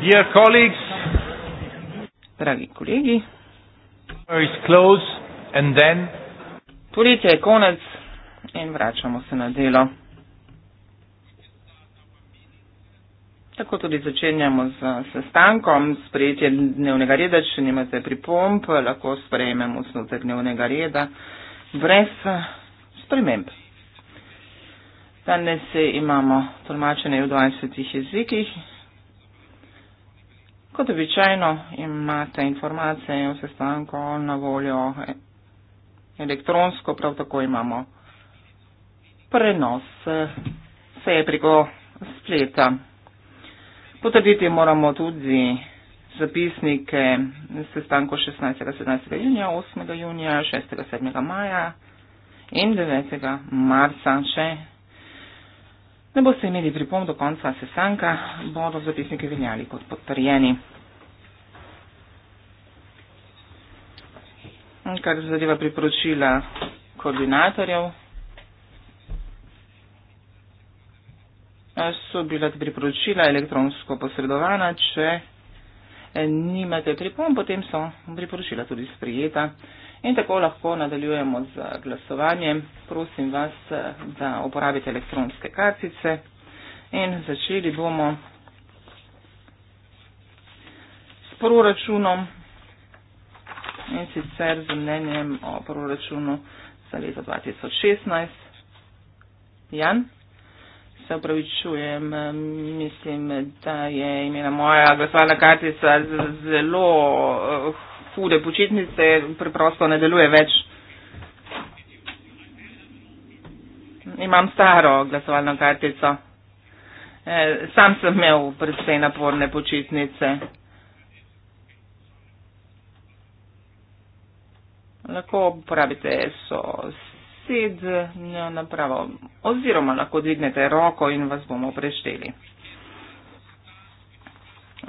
Dear colleagues, dragi kolegi, is close and then Poletje je konec in vračamo se na delo. Tako tudi začenjamo z sestankom, sprejetje dnevnega reda, če nimate pripomp, lahko sprejmemo osnutek dnevnega reda brez sprememb. Danes imamo tolmačenje v 20 jezikih. Kot običajno imate informacije o sestanku na voljo elektronsko, prav tako imamo prenos vse eh, preko spleta. Potrditi moramo tudi zapisnike sestanku 16. 17. junija, 8. junija, 6. 7. maja in 9. marca še Ne boste imeli pripomb do konca sesanka, bodo zapisniki veljali kot potrjeni. Kar zadeva priporočila koordinatorjev, so bila priporočila elektronsko posredovana, če nimate pripomb, potem so priporočila tudi sprijeta. In tako lahko nadaljujemo z glasovanjem. Prosim vas, da uporabite elektronske kartice. In začeli bomo s proračunom in sicer z mnenjem o proračunu za leto 2016. Jan, se upravičujem, mislim, da je imela moja glasovalna kartica zelo eh, hude počitnice preprosto ne deluje več. Imam staro glasovalno kartico. E, sam sem imel predvsej naporne počitnice. Lahko uporabite sosed napravo oziroma lahko dvignete roko in vas bomo prešteli.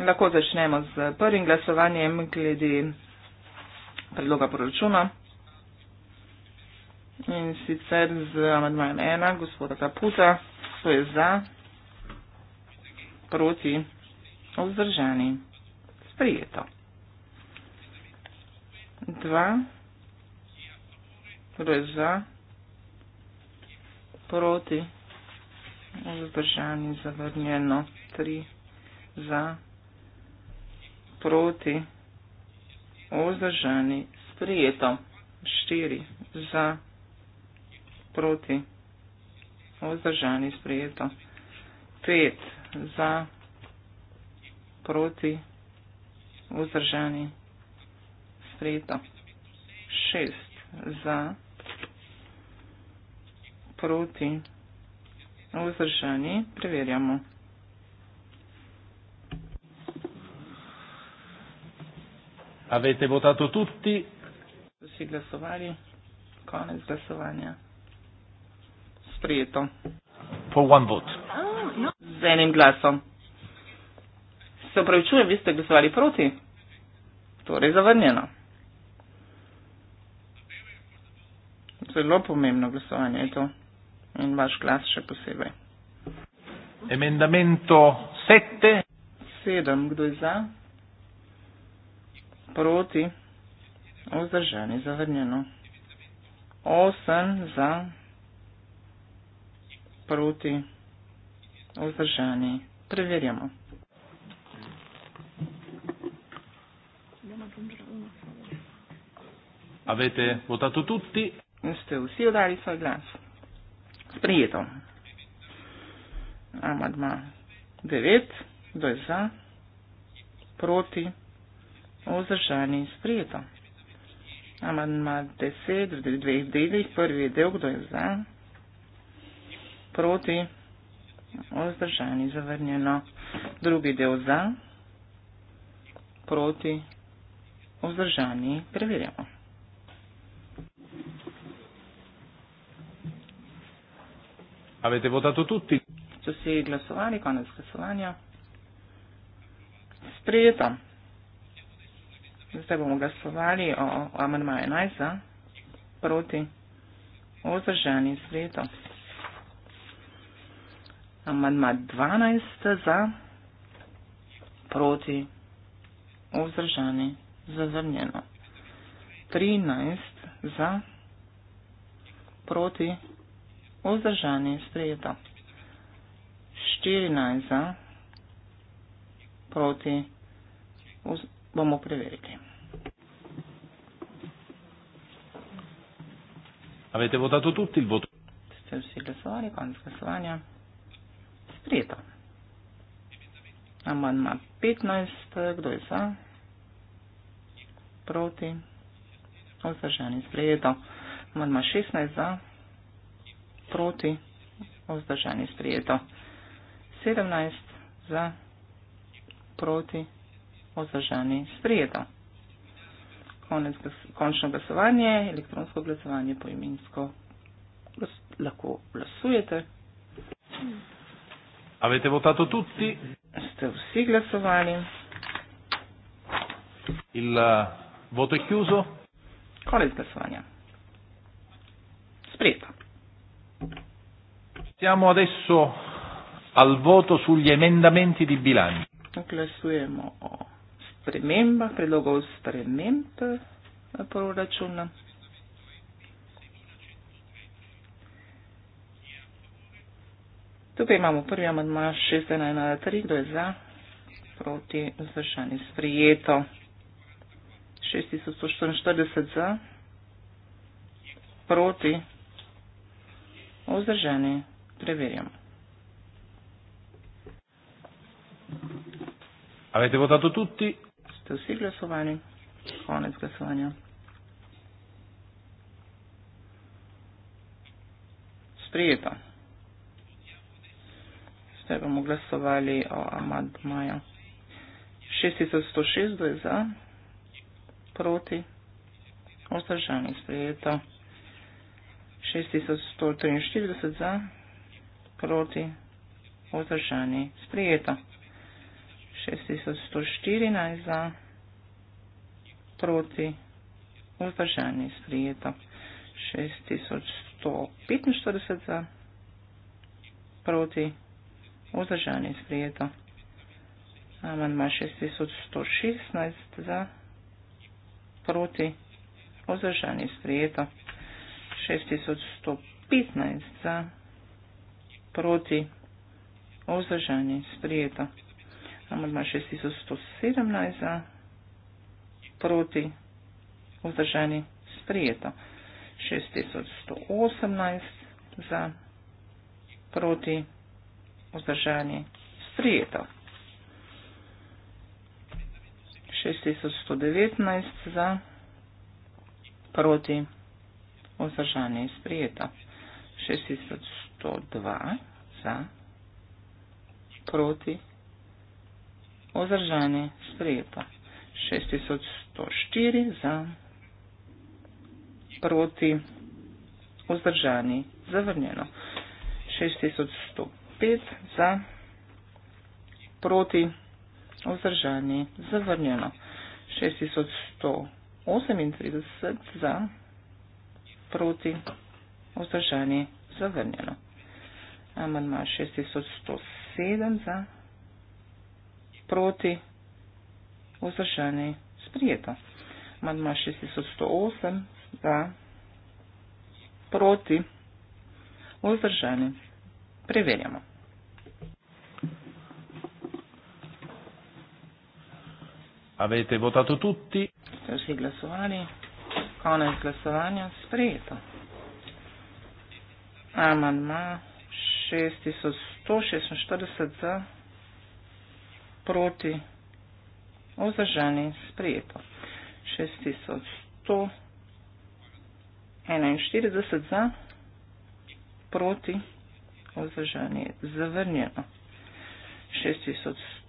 Lahko začnemo z prvim glasovanjem glede predloga proračuna. In sicer z amadmajem 1, gospoda Kaputa, to je za, proti, vzdržani, sprijeto. 2, to je za, proti, vzdržani, zavrnjeno, 3, za, proti, vzdržani vzdržani, sprijeto, štiri za, proti, vzdržani, sprijeto, pet za, proti, vzdržani, sprijeto, šest za, proti, vzdržani, preverjamo. Avete votato tutti? Vsi glasovali? Konec glasovanja. Sprijeto. For one vote. Z enim glasom. Se upravičujem, vi ste glasovali proti? Torej zavrnjeno. Zelo pomembno glasovanje je to. In vaš glas še posebej. Emendamento 7. 7. Kdo je za? proti, vzdržani, zavrnjeno. Osem za, proti, vzdržani, preverjamo. Avete votato tutti? Ste vsi odali svoj glas. Sprijeto. Amadma 9, 2 za, proti, vzdržani vzdržani in sprejeto. Amandma 10 v dveh delih, prvi je del, kdo je za, proti, vzdržani, zavrnjeno, drugi del za, proti, vzdržani, preverjamo. Avete votato tutti? So si glasovali, konec glasovanja. Sprejeto. Zdaj bomo glasovali o, o amandmaju 11 za, proti, ozdržani z veto. Amandma 12 za, proti, ozdržani, zazrnjeno. 13 za, proti, ozdržani, sprejeto. 14 za, proti, ozdržani bomo preverili. Avete votato tutti il voto? Ste vsi glasovali, konec glasovanja. Sprijeto. Amandma 15, kdo je za? Proti. Vzdržani sprijeto. Amandma 16 za. Proti. Vzdržani sprijeto. 17 za. Proti o zaženi sredo. Konec, končno glasovanje, elektronsko glasovanje po imensko. Glas, lahko glasujete. A veste, bo ta to tudi? Ste vsi glasovali. Il uh, voto je chiuso? Konec glasovanja. Sprejeto. Siamo adesso al voto sugli emendamenti di bilancio. Glasujemo o. Oh spremembah, predlogov sprememb eh, proračuna. Tukaj imamo prvi amadma 6.1.3, kdo je za, proti, vzdržani, sprijeto. 6.144 za, proti, vzdržani, preverjamo. Avete votato tutti? ste vsi glasovali. Konec glasovanja. 3. Zdaj bomo glasovali o Amad Maja. 6160 je za, proti, ostržani sprejeto. 6143 za, proti, ostržani sprejeto. 6114 za, proti, vzdržani, sprijeto. 6145 za, proti, vzdržani, sprijeto. Amandma 6116 za, proti, vzdržani, sprijeto. 6115 za, proti, vzdržani, sprijeto amandma 6117 za, proti, vzdržani, sprijeto. 6118 za, proti, vzdržani, sprijeto. 6119 za, proti, vzdržani, sprijeto. 6102 za, proti, vzdržani, sprijeto. Ozdržanje sprejeto. 6104 za. Proti. Ozdržanje zavrnjeno. 6105 za. Proti. Ozdržanje zavrnjeno. 6138 za. Proti. Ozdržanje zavrnjeno. Amandma 6107 za proti, vzdržani, sprijeto. Madma 6108, za, proti, vzdržani, preverjamo. Avete votato tutti? Ste vsi glasovali? Konec glasovanja, sprijeto. Amandma 6146 za, proti, ozdržani, sprejeto. 6141 za, proti, ozdržani, zavrnjeno.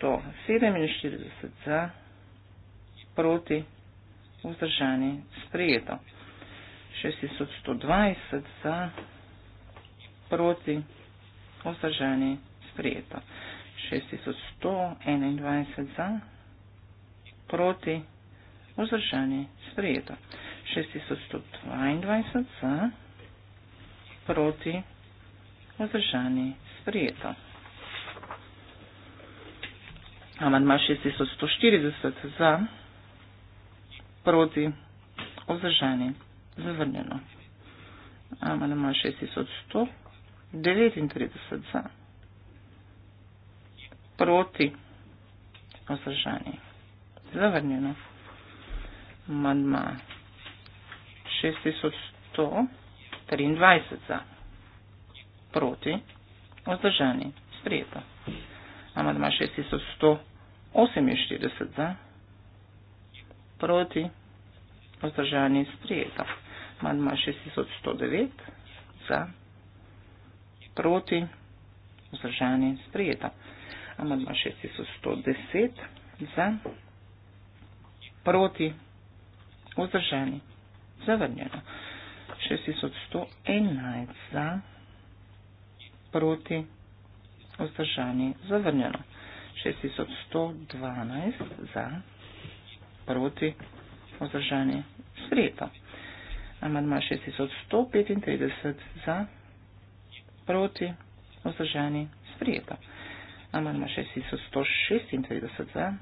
6147 za, proti, vzdržani, sprejeto. 6120 za, proti, vzdržani, sprejeto. 6121 za, proti, vzdržani, sprejeto. 6122 za, proti, vzdržani, sprejeto. Amandma 6140 za, proti, vzdržani, zavrnjeno. Amandma 6139 za proti vzdržani. Zavrnjeno. Madma 6123 za. Proti vzdržani. Sprijeto. Amadma 6148 za. Proti vzdržani. Sprijeto. Amadma 6109 za. Proti vzdržani. Sprijeto amandma 6110 za, proti, vzdržani, zavrnjeno. 6111 za, proti, vzdržani, zavrnjeno. 6112 za, proti, vzdržani, sprejeto. Amandma 6135 za, proti, vzdržani, sprejeto. Amandma 6136 za,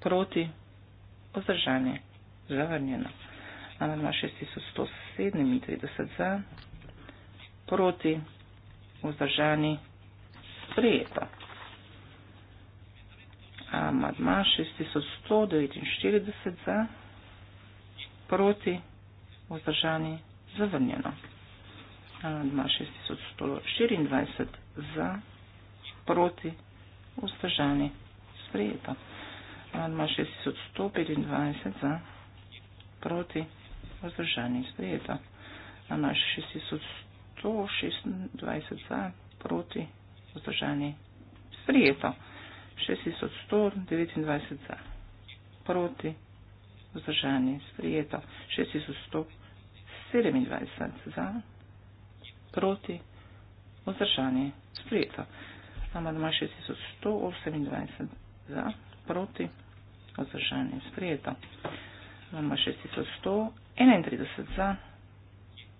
proti, vzdržanje, zavrnjeno. Amandma 6137 za, proti, vzdržanje, sprejeto. Amandma 6149 za, proti, vzdržanje, zavrnjeno. Amandma 6124 za, proti, vzdržanje, zavrnjeno proti vzdržani. Sprejeto. Amandma 6125 za proti vzdržani. Sprejeto. Amandma 6126 za proti vzdržani. Sprejeto. 6129 za proti vzdržani. Sprejeto. 6127 za proti vzdržani. Sprejeto. 6128 amadma 6128 za, proti, vzdržanje sprejeto. Amadma 6131 za,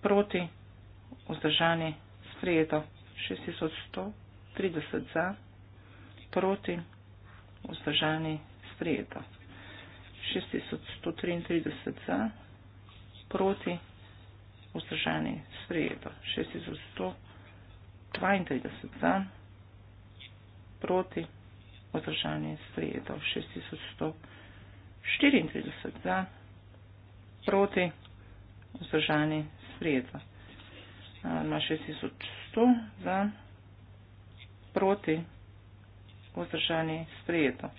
proti, vzdržanje sprejeto. 6130 za, proti, vzdržanje sprejeto. 6133 za, proti, vzdržanje sprejeto. 6132 za, proti, vzdržanje je sprejeto, 6134 za, proti, vzdržanje je sprejeto. Na 6100 za, proti, vzdržanje je sprejeto.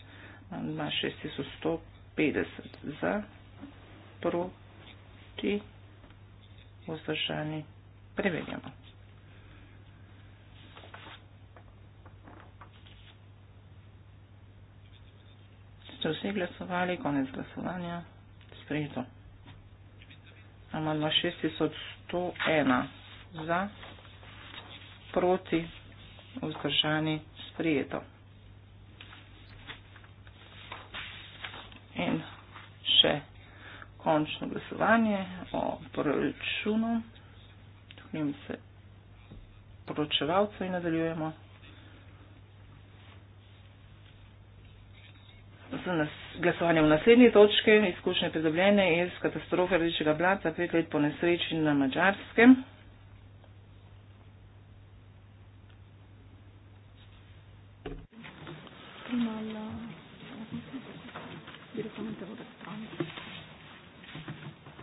Na 6150 za, proti, vzdržanje je sprejeto. Preverjamo. Ste vsi glasovali, konec glasovanja, sprejeto. Amandma 6101 za, proti, vzdržani, sprejeto. In še končno glasovanje o proračunu. Tukaj se poročevalce in nadaljujemo. z nas, glasovanjem v naslednji točki, izkušnje pridobljene iz katastrofe Rdečega blata pet let po nesreči na Mačarskem.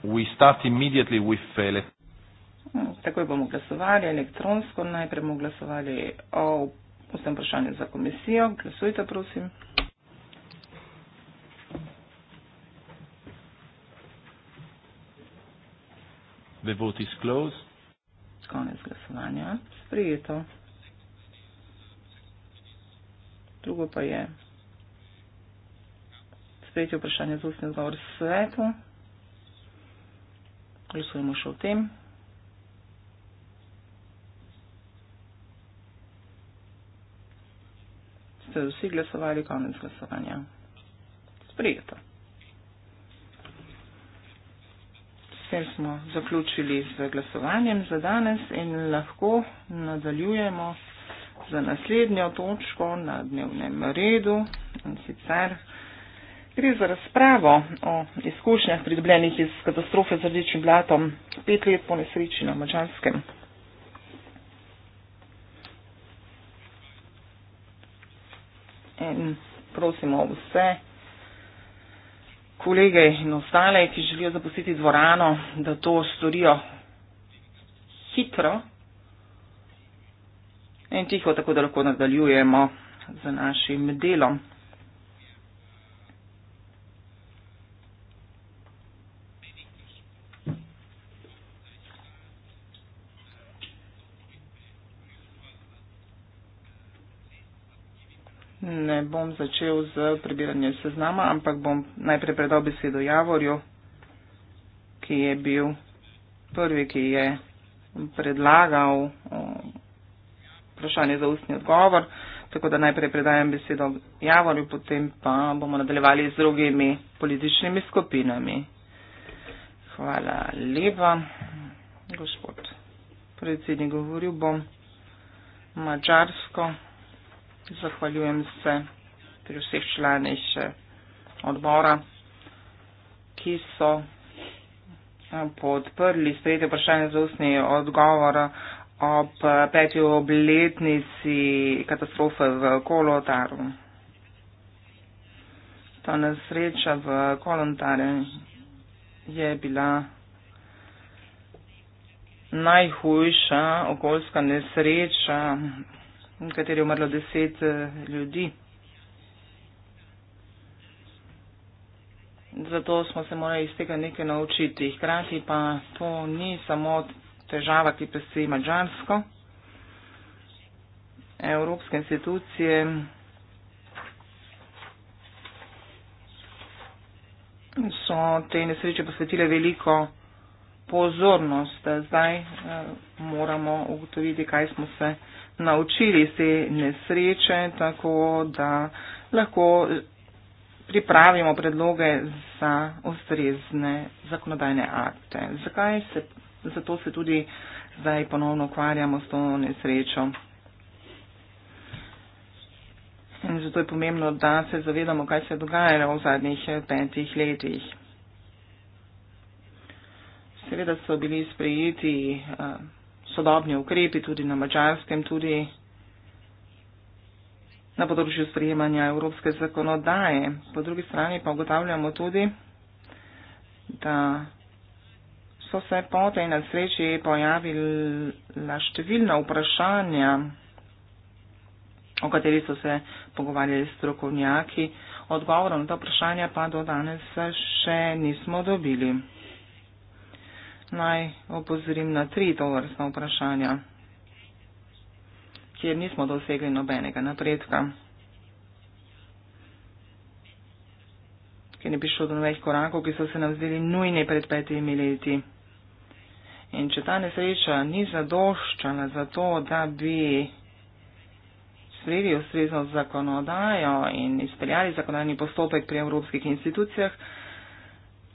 We start immediately with Fele. Uh, hmm, takoj bomo glasovali elektronsko, najprej bomo glasovali o vsem vprašanju za komisijo. Glasujte, prosim. The vote is closed. Konec glasovanja. Sprejeto. Drugo pa je. Sprejeti vprašanje za ustni odgovor svetu. Glasujemo še o tem. Ste vsi glasovali konec glasovanja? Sprejeto. tem smo zaključili z glasovanjem za danes in lahko nadaljujemo za naslednjo točko na dnevnem redu. In sicer gre za razpravo o izkušnjah pridobljenih iz katastrofe z rdečim blatom pet let po nesreči na Mačarskem. In prosimo vse kolege in ostale, ki želijo zapustiti dvorano, da to storijo hitro in tiho, tako da lahko nadaljujemo z našim delom. bom začel z prebiranjem seznama, ampak bom najprej predal besedo Javorju, ki je bil prvi, ki je predlagal eh, vprašanje za ustni odgovor. Tako da najprej predajam besedo Javorju, potem pa bomo nadaljevali z drugimi političnimi skupinami. Hvala lepa, gospod predsednik, govoril bom mačarsko. Zahvaljujem se pri vseh članih eh, odbora, ki so eh, podprli sprejete vprašanje za ustni odgovor ob eh, peti obletnici katastrofe v Kolotaru. Ta nesreča v Kolotaru je bila najhujša okoljska nesreča, v kateri je umrlo deset ljudi. zato smo se morali iz tega nekaj naučiti. Hkrati pa to ni samo težava, ki pesi Mačarsko. Evropske institucije so te nesreče posvetile veliko pozornost. Zdaj eh, moramo ugotoviti, kaj smo se naučili iz te nesreče, tako da lahko pripravimo predloge za ustrezne zakonodajne akte. Zakaj se, zato se tudi zdaj ponovno ukvarjamo s to nesrečo? In zato je pomembno, da se zavedamo, kaj se je dogajalo v zadnjih eh, petih letih. Seveda so bili sprejeti eh, sodobni ukrepi tudi na mačarskem, tudi na področju sprejemanja evropske zakonodaje. Po drugi strani pa ugotavljamo tudi, da so se po tej nesreči pojavila številna vprašanja, o katerih so se pogovarjali strokovnjaki. Odgovorov na to vprašanje pa do danes še nismo dobili. Naj opozorim na tri to vrstno vprašanje kjer nismo dosegli nobenega napredka, ker ne bi šlo do novih korakov, ki so se nam zdeli nujni pred petimi leti. In če ta nesreča ni zadoščala za to, da bi sprejeli ustrezno zakonodajo in izpeljali zakonodajni postopek pri evropskih institucijah,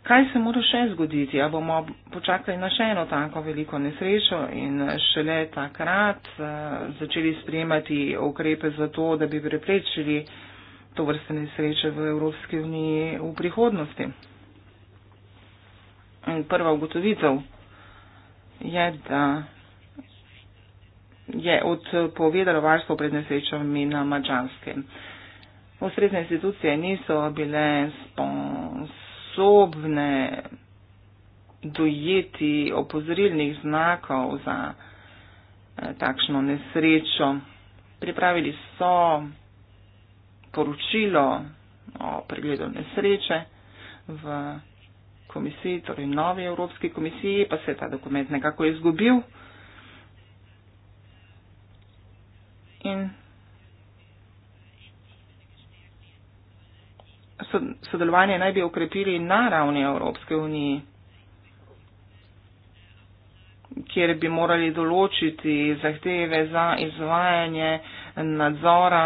kaj se mora še zgoditi, a bomo počakali na še eno tako veliko nesrečo in šele takrat uh, začeli sprejemati ukrepe za to, da bi preprečili to vrste nesreče v Evropski uniji v prihodnosti. In prva ugotovitev je, da je odpovedalo varstvo pred nesrečami na mačanske. Osrednje institucije niso bile sponsorirane sposobne dojeti opozorilnih znakov za eh, takšno nesrečo. Pripravili so poročilo o pregledu nesreče v komisiji, torej novi Evropski komisiji, pa se je ta dokument nekako izgubil. In sodelovanje naj bi okrepili na ravni Evropske unije, kjer bi morali določiti zahteve za izvajanje nadzora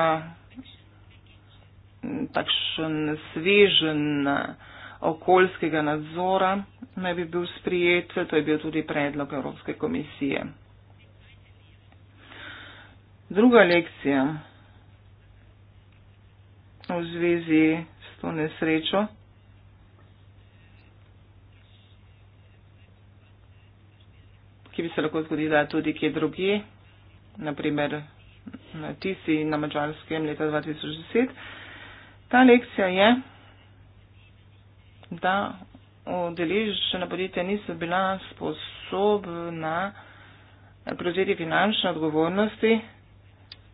takšen svežen okoljskega nadzora naj bi bil sprijet, to je bil tudi predlog Evropske komisije. Druga lekcija v zvezi to nesrečo. ki bi se lahko zgodila tudi kje drugje, naprimer na Tisi na Mačarskem leta 2010. Ta lekcija je, da udeležena podjetja niso bila sposobna prevzeti finančne odgovornosti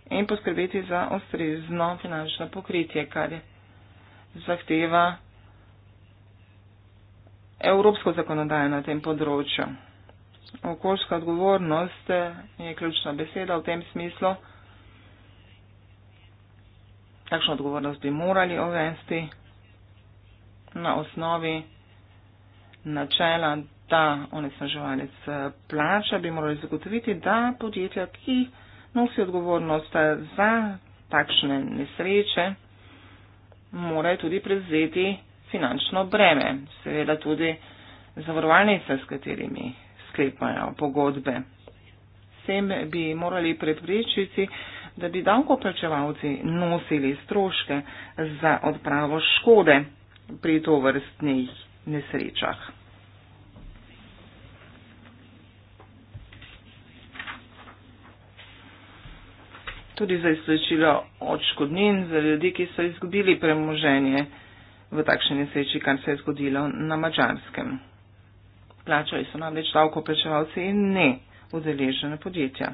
in poskrbeti za ustrezno finančno pokritje, kar zahteva evropsko zakonodajo na tem področju. Okoljska odgovornost je ključna beseda v tem smislu. Takšno odgovornost bi morali uvesti na osnovi načela, da onesnaževalec eh, plača, bi morali zagotoviti, da podjetja, ki nosijo odgovornost eh, za takšne nesreče, morajo tudi prevzeti finančno breme, seveda tudi zavarovalnice, s katerimi sklepajo pogodbe. Vsem bi morali preprečiti, da bi davkoplačevalci nosili stroške za odpravo škode pri tovrstnih nesrečah. tudi za izplačilo odškodnin za ljudi, ki so izgubili premoženje v takšni nesreči, kar se je zgodilo na Mačarskem. Plačali so namreč davkoplačevalci in ne udeležene podjetja.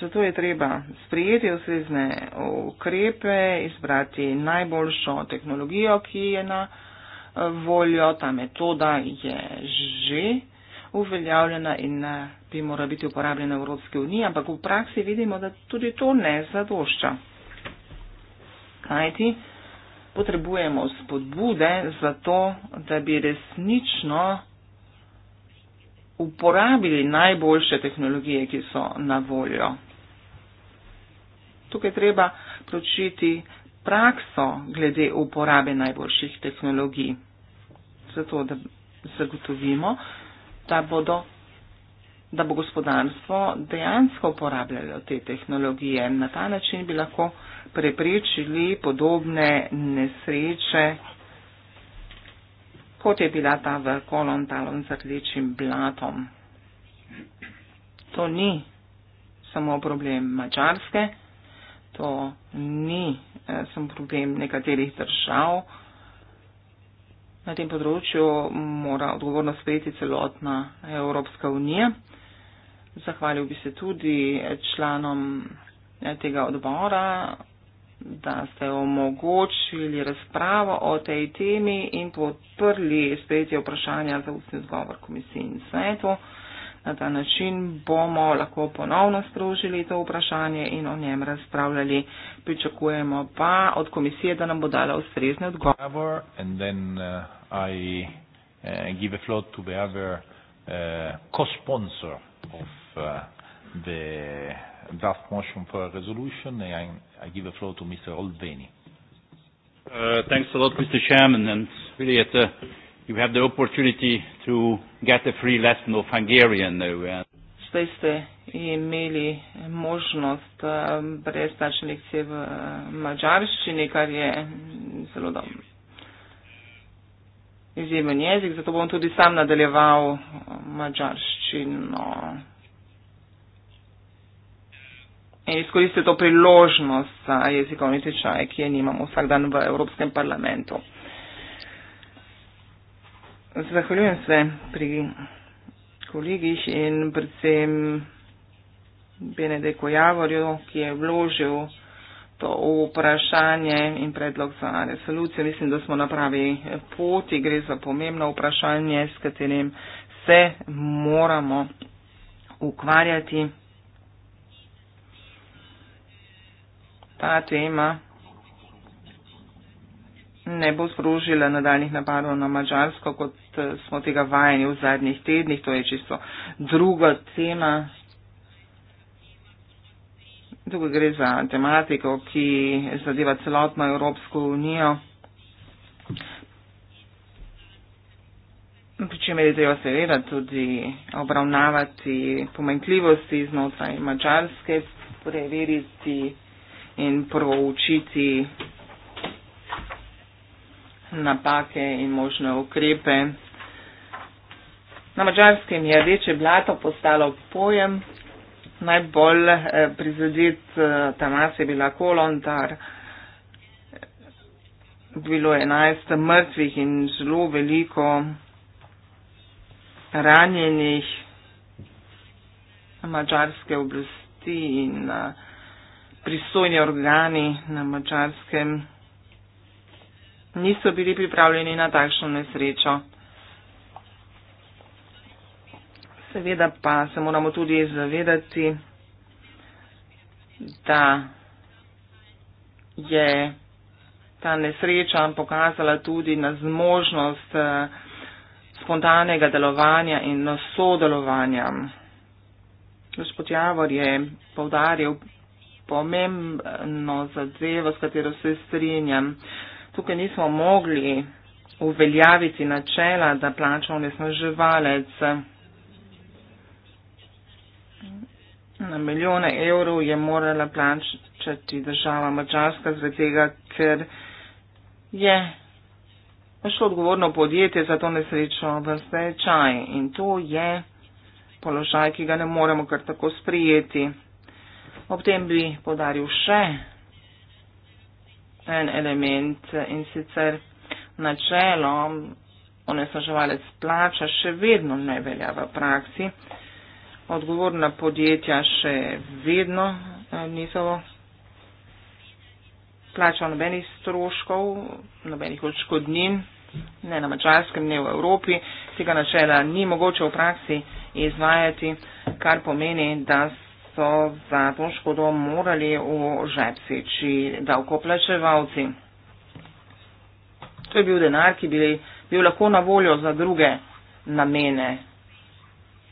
Zato je treba sprijeti osrezne ukrepe, izbrati najboljšo tehnologijo, ki je na eh, voljo, ta metoda je že uveljavljena in eh, bi morala biti uporabljena v Evropske unije, ampak v praksi vidimo, da tudi to ne zadošča. Kajti potrebujemo spodbude za to, da bi resnično uporabili najboljše tehnologije, ki so na voljo. Tukaj treba pročiti prakso glede uporabe najboljših tehnologij, zato da zagotovimo, da bodo, da bo gospodarstvo dejansko uporabljalo te tehnologije. Na ta način bi lahko preprečili podobne nesreče, kot je bila ta v kolon talon z rdečim blatom. To ni samo problem Mačarske, to ni eh, samo problem nekaterih držav, na tem področju mora odgovornost sprejeti celotna Evropska unija. Zahvalil bi se tudi članom eh, tega odbora, da ste omogočili razpravo o tej temi in podprli sprejetje vprašanja za ustni zgovor komisiji in svetu. Na ta način bomo lahko ponovno sprožili to vprašanje in o njem razpravljali. Pričakujemo pa od komisije, da nam bo dala ustrezne odgovore. I uh, give a floor to the other uh, co-sponsor of uh, the draft motion for a resolution. And I, I give a floor to Mr. Olveni. Uh, thanks a lot, Mr. Chairman. And really, it's, uh, you have the opportunity to get a free lesson of Hungarian now. And Zdaj ste imeli možnost uh, brezplačne lekcije uh, v mađarščini, kar je zelo dobro izjemen jezik, zato bom tudi sam nadaljeval mačarščino. In izkoristite to priložnost za jezikovni tečaj, ki je nimamo vsak dan v Evropskem parlamentu. Zahvaljujem se pri kolegih in predvsem Benedeku Javorju, ki je vložil vprašanje in predlog za resolucijo. Mislim, da smo na pravi poti, gre za pomembno vprašanje, s katerim se moramo ukvarjati. Ta tema ne bo sprožila nadaljnih napadov na Mačarsko, kot smo tega vajeni v zadnjih tednih, to je čisto druga tema. Tukaj gre za tematiko, ki zadeva celotno Evropsko unijo. Pričemer je treba seveda tudi obravnavati pomenkljivosti znotraj mačarske, preveriti in proučiti napake in možne ukrepe. Na mačarskem je rdeče blato postalo pojem, najbolj eh, prizadet eh, Tamas je bila Kolontar. Bilo je 11 mrtvih in zelo veliko ranjenih mačarske oblasti in eh, pristojni organi na mačarskem niso bili pripravljeni na takšno nesrečo. Seveda pa se moramo tudi zavedati, da je ta nesreča pokazala tudi na zmožnost eh, spontanega delovanja in na sodelovanja. Gospod Javor je povdaril pomembno zadevo, s katero se strinjam. Tukaj nismo mogli uveljaviti načela, da plačal nesnaževalec. Na na milijone evrov je morala plačati država Mačarska zaradi tega, ker je našlo odgovorno podjetje za to nesrečo v stečaj in to je položaj, ki ga ne moremo kar tako sprijeti. Ob tem bi podaril še en element in sicer načelo onesnaževalec plača še vedno ne velja v praksi odgovorna podjetja še vedno eh, niso plačali nobenih stroškov, nobenih odškodnin, ne na mačarskem, ne v Evropi. Tega načela ni mogoče v praksi izvajati, kar pomeni, da so za to škodo morali v žepseči davkoplačevalci. To je bil denar, ki bi bil lahko na voljo za druge namene,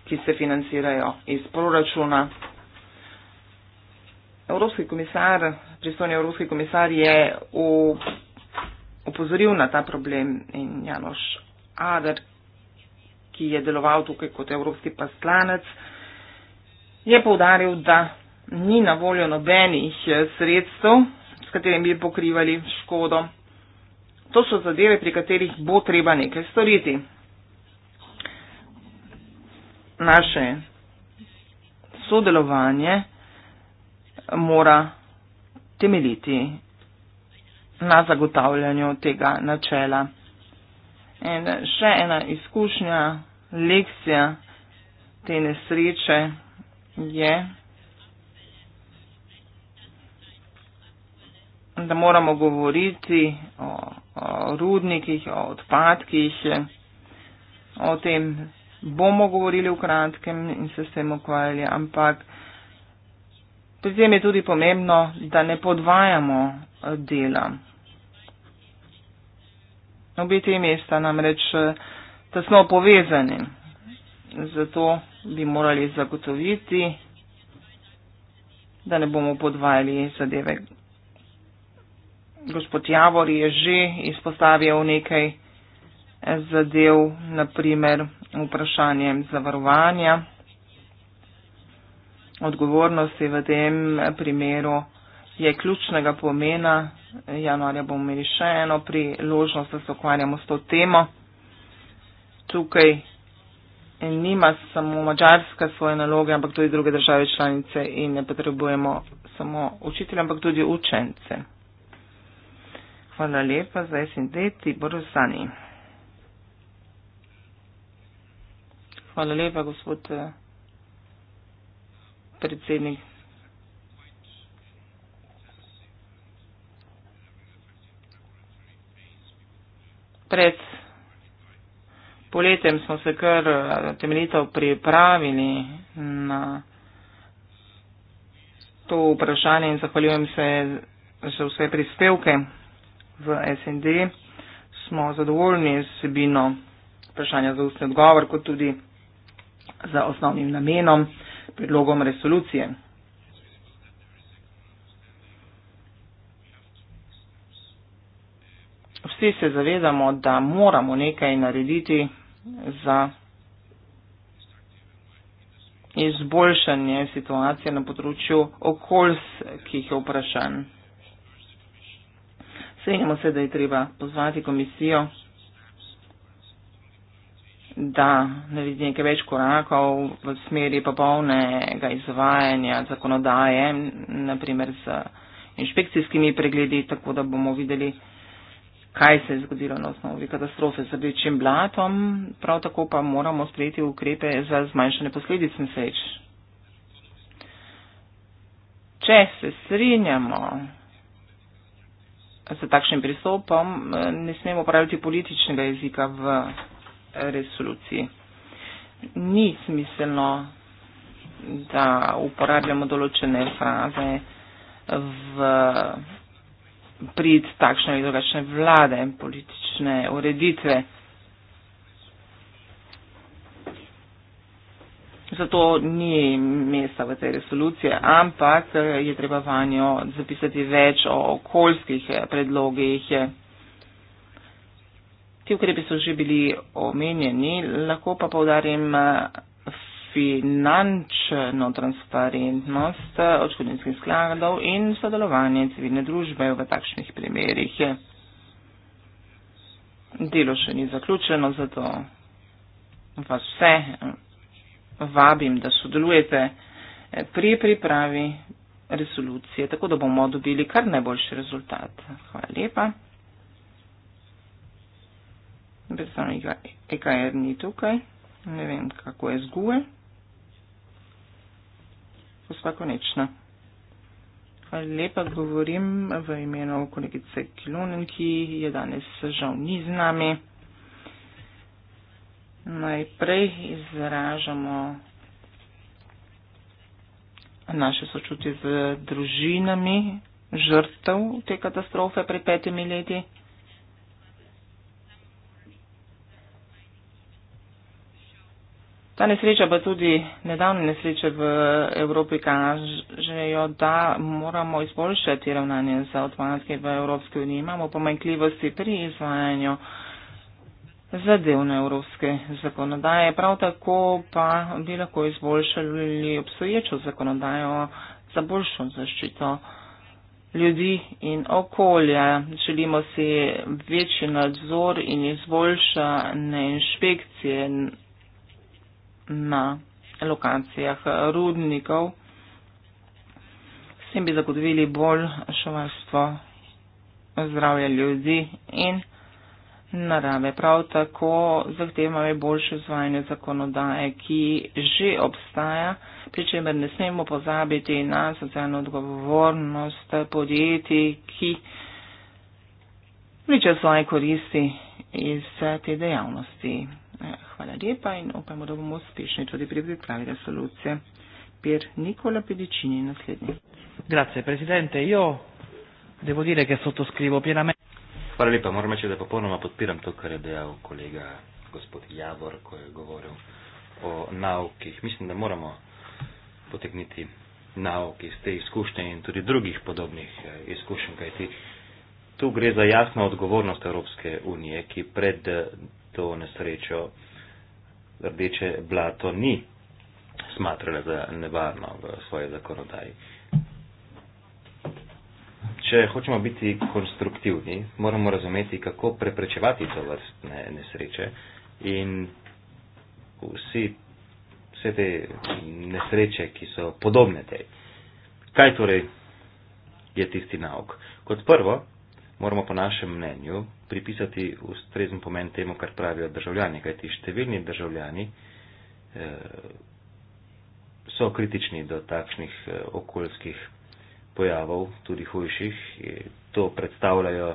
ki se financirajo iz proračuna. Evropski komisar, pristojni evropski komisar je v, upozoril na ta problem in Janoš Adar, ki je deloval tukaj kot evropski poslanec, je povdaril, da ni na voljo nobenih eh, sredstev, s katerimi bi pokrivali škodo. To so zadeve, pri katerih bo treba nekaj storiti naše sodelovanje mora temeljiti na zagotavljanju tega načela. In še ena izkušnja, lekcija te nesreče je, da moramo govoriti o, o rudnikih, o odpadkih, o tem bomo govorili v kratkem in se s tem ukvarjali, ampak pri tem je tudi pomembno, da ne podvajamo eh, dela. Obe te mesta namreč eh, tesno povezani, zato bi morali zagotoviti, da ne bomo podvajali zadeve. Gospod Javor je že izpostavil nekaj zadev, naprimer vprašanje zavarovanja. Odgovornosti v tem primeru je ključnega pomena. Januarja bomo imeli še eno priložnost, da se ukvarjamo s to temo. Tukaj nima samo Mačarska svoje naloge, ampak tudi druge države članice in ne potrebujemo samo učitelja, ampak tudi učence. Hvala lepa za SND, Tibor Sani. Hvala lepa, gospod eh, predsednik. Pred poletjem smo se kar eh, temeljito pripravili na to vprašanje in zahvaljujem se za vse prispevke v SND. Smo zadovoljni z vsebino vprašanja za ustni odgovor, kot tudi za osnovnim namenom predlogom resolucije. Vsi se zavedamo, da moramo nekaj narediti za izboljšanje situacije na področju okoljskih vprašanj. Srednjamo se, da je treba pozvati komisijo da naredi nekaj več korakov v smeri popolnega izvajanja zakonodaje, naprimer z inšpekcijskimi pregledi, tako da bomo videli, kaj se je zgodilo na osnovi katastrofe z večjim blatom, prav tako pa moramo sprejeti ukrepe za zmanjšanje posledic nesreč. Če se strinjamo s takšnim pristopom, ne smemo praviti političnega jezika v resoluciji. Ni smiselno, da uporabljamo določene fraze v prid takšne ali drugačne vlade in politične ureditve. Zato ni mesta v tej resoluciji, ampak je treba vanjo zapisati več o okoljskih predlogih. Je. Ti ukrepi so že bili omenjeni, lahko pa povdarim eh, finančno transparentnost eh, očkodinskih skladov in sodelovanje civilne družbe v takšnih primerih. Delo še ni zaključeno, zato vas vse eh, vabim, da sodelujete pri pripravi resolucije, tako da bomo dobili kar najboljši rezultat. Hvala lepa predstavnika EKR ni tukaj, ne vem, kako je zguje. Gospa Konečna. Hvala lepa, govorim v imenu kolegice Kilonen, ki je danes žal ni z nami. Najprej izražamo naše sočutje z družinami žrtev te katastrofe pred petimi leti. Ta nesreča pa tudi nedavne nesreče v Evropi kažejo, da moramo izboljšati ravnanje za odpadke v Evropski uniji. Imamo pomanjkljivosti pri izvajanju zadevne evropske zakonodaje. Prav tako pa bi lahko izboljšali obstoječo zakonodajo za boljšo zaščito ljudi in okolja. Želimo si večji nadzor in izboljšane inšpekcije na lokacijah rudnikov. S tem bi zagotovili bolj šovarstvo zdravja ljudi in narave. Prav tako zahtevamo boljše izvajanje zakonodaje, ki že obstaja, pri čemer ne smemo pozabiti na socialno odgovornost podjetij, ki vlečejo svoje koristi iz te dejavnosti hvala lepa in upamo, da bomo uspešni tudi pri pripravi resolucije. Pier Nikola Pedicini je naslednji. Grazie, presidente. Io devo dire che sottoscrivo pienamente. Hvala lepa, moram reči, da popolnoma podpiram to, kar je dejal kolega gospod Javor, ko je govoril o naukih. Mislim, da moramo potegniti nauke iz te izkušnje in tudi drugih podobnih eh, izkušenj, kajti tu gre za jasno odgovornost Evropske unije, ki pred to nesrečo rdeče blato ni smatrala za nevarno v svoji zakonodaji. Če hočemo biti konstruktivni, moramo razumeti, kako preprečevati to vrstne nesreče in vsi, vse te nesreče, ki so podobne tej. Kaj torej je tisti nauk? Kot prvo, moramo po našem mnenju pripisati ustrezen pomen temu, kar pravijo državljani, kajti številni državljani eh, so kritični do takšnih eh, okoljskih pojavov, tudi hujših. To predstavljajo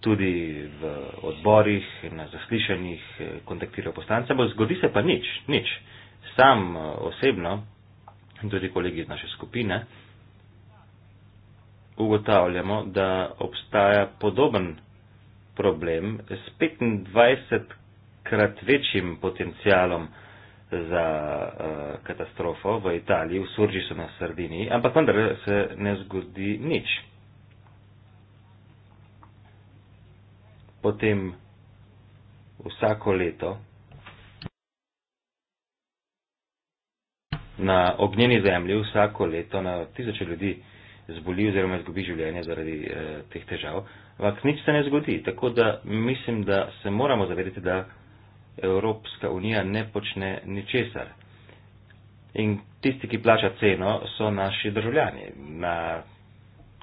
tudi v odborih, na zaslišanjih, eh, kontaktirajo poslance, ampak zgodi se pa nič, nič. Sam osebno in tudi kolegi iz naše skupine ugotavljamo, da obstaja podoben problem s 25 krat večjim potencialom za uh, katastrofo v Italiji, v Surgisu na Sardiniji, ampak vendar se ne zgodi nič. Potem vsako leto na ognjeni zemlji, vsako leto na tisoče ljudi uh, zboli oziroma izgubi življenje zaradi eh, teh težav. Ampak nič se ne zgodi. Tako da mislim, da se moramo zavedati, da Evropska unija ne počne ničesar. In tisti, ki plača ceno, so naši državljani. Na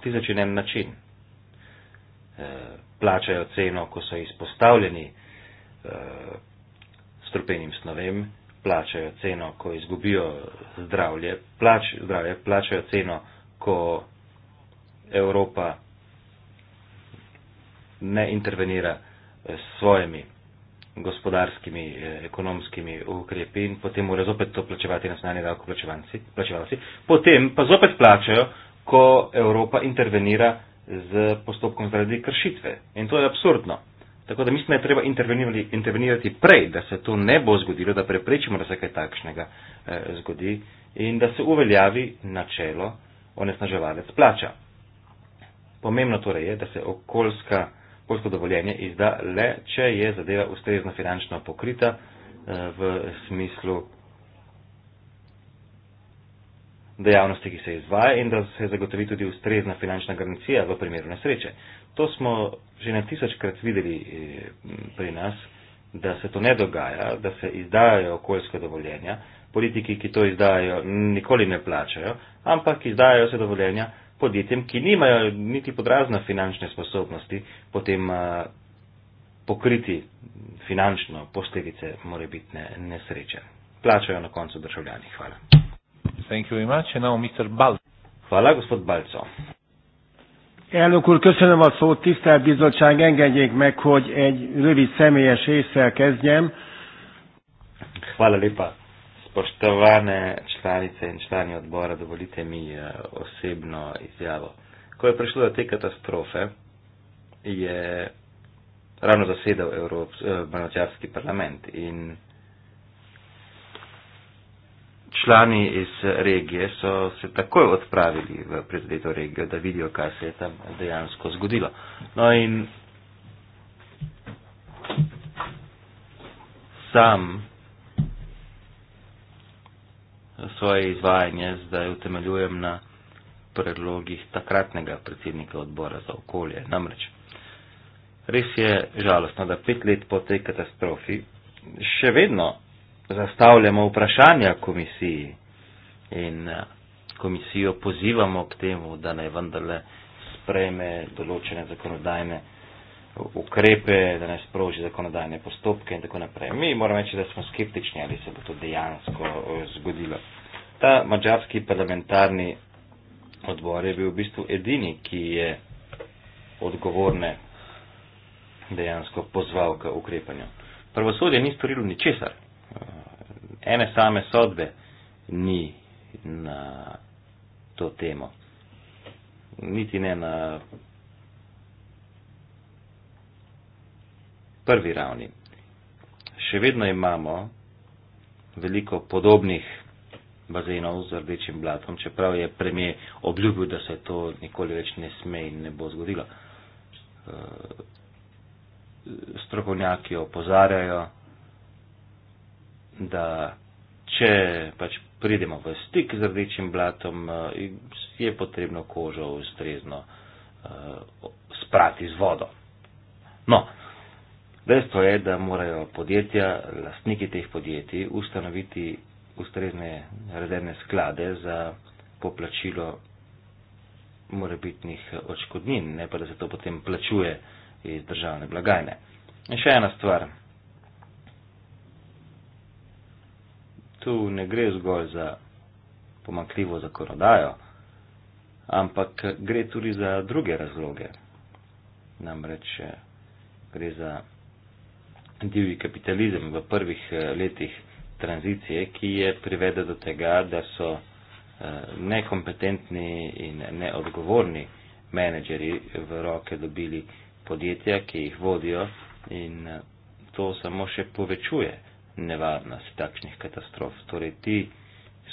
tisočinem način e, plačajo ceno, ko so izpostavljeni e, strupenim snovem, plačajo ceno, ko izgubijo zdravje, plač, zdravje plačajo ceno, ko Evropa ne intervenira eh, s svojimi gospodarskimi, eh, ekonomskimi ukrepi in potem mora zopet to plačevati nacionalni davkoplačevalci, potem pa zopet plačajo, ko Evropa intervenira z postopkom zaradi kršitve. In to je absurdno. Tako da mislim, da je treba intervenirati prej, da se to ne bo zgodilo, da preprečimo, da se kaj takšnega eh, zgodi in da se uveljavi načelo onesnaževalec plača. Pomembno torej je, da se okoljska, okoljsko dovoljenje izda le, če je zadeva ustrezno finančno pokrita eh, v smislu dejavnosti, ki se izvaja in da se zagotovi tudi ustrezna finančna garancija v primeru nesreče. To smo že na tisočkrat videli eh, pri nas, da se to ne dogaja, da se izdajajo okoljska dovoljenja. Politiki, ki to izdajajo, nikoli ne plačajo, ampak izdajajo se dovoljenja podjetjem, ki nimajo niti podrazna finančne sposobnosti, potem eh, pokriti finančno posledice morebitne nesreče. Plačajo na koncu državljani. Hvala. Thank you very much. And now Mr. Balco. Hvala, gospod Balco. Elnök úr, köszönöm a szót, tisztelt bizottság, engedjék meg, hogy egy rövid személyes észre kezdjem. Hvala lépa, Spoštovane članice in člani odbora, dovolite mi eh, osebno izjavo. Ko je prišlo do te katastrofe, je ravno zasedal Evropski eh, parlament in člani iz regije so se takoj odpravili v prizadeto regijo, da vidijo, kaj se je tam dejansko zgodilo. No in sam svoje izvajanje zdaj utemeljujem na predlogih takratnega predsednika odbora za okolje. Namreč res je žalostno, da pet let po tej katastrofi še vedno zastavljamo vprašanja komisiji in eh, komisijo pozivamo k temu, da naj vendarle sprejme določene zakonodajne ukrepe, da ne sproži zakonodajne postopke in tako naprej. Mi moramo reči, da smo skeptični, ali se bo to dejansko eh, zgodilo. Ta mačarski parlamentarni odbor je bil v bistvu edini, ki je odgovorne dejansko pozval k ukrepanju. Pravosodje ni storilo ničesar. Eh, ene same sodbe ni na to temo. Niti ne na prvi ravni. Še vedno imamo veliko podobnih bazenov z rdečim blatom, čeprav je premijer obljubil, da se to nikoli več ne sme in ne bo zgodilo. E, strokovnjaki opozarjajo, da če pač pridemo v stik z rdečim blatom, e, je potrebno kožo ustrezno e, sprati z vodo. No, Dejstvo je, da morajo podjetja, lastniki teh podjetij, ustanoviti ustrezne rezervne sklade za poplačilo morebitnih očkodnin, ne pa da se to potem plačuje iz državne blagajne. In še ena stvar. Tu ne gre zgolj za pomankljivo zakonodajo, ampak gre tudi za druge razloge. Namreč eh, gre za divji kapitalizem v prvih eh, letih tranzicije, ki je privedel do tega, da so eh, nekompetentni in neodgovorni menedžeri v roke dobili podjetja, ki jih vodijo in eh, to samo še povečuje nevarnost takšnih katastrof. Torej ti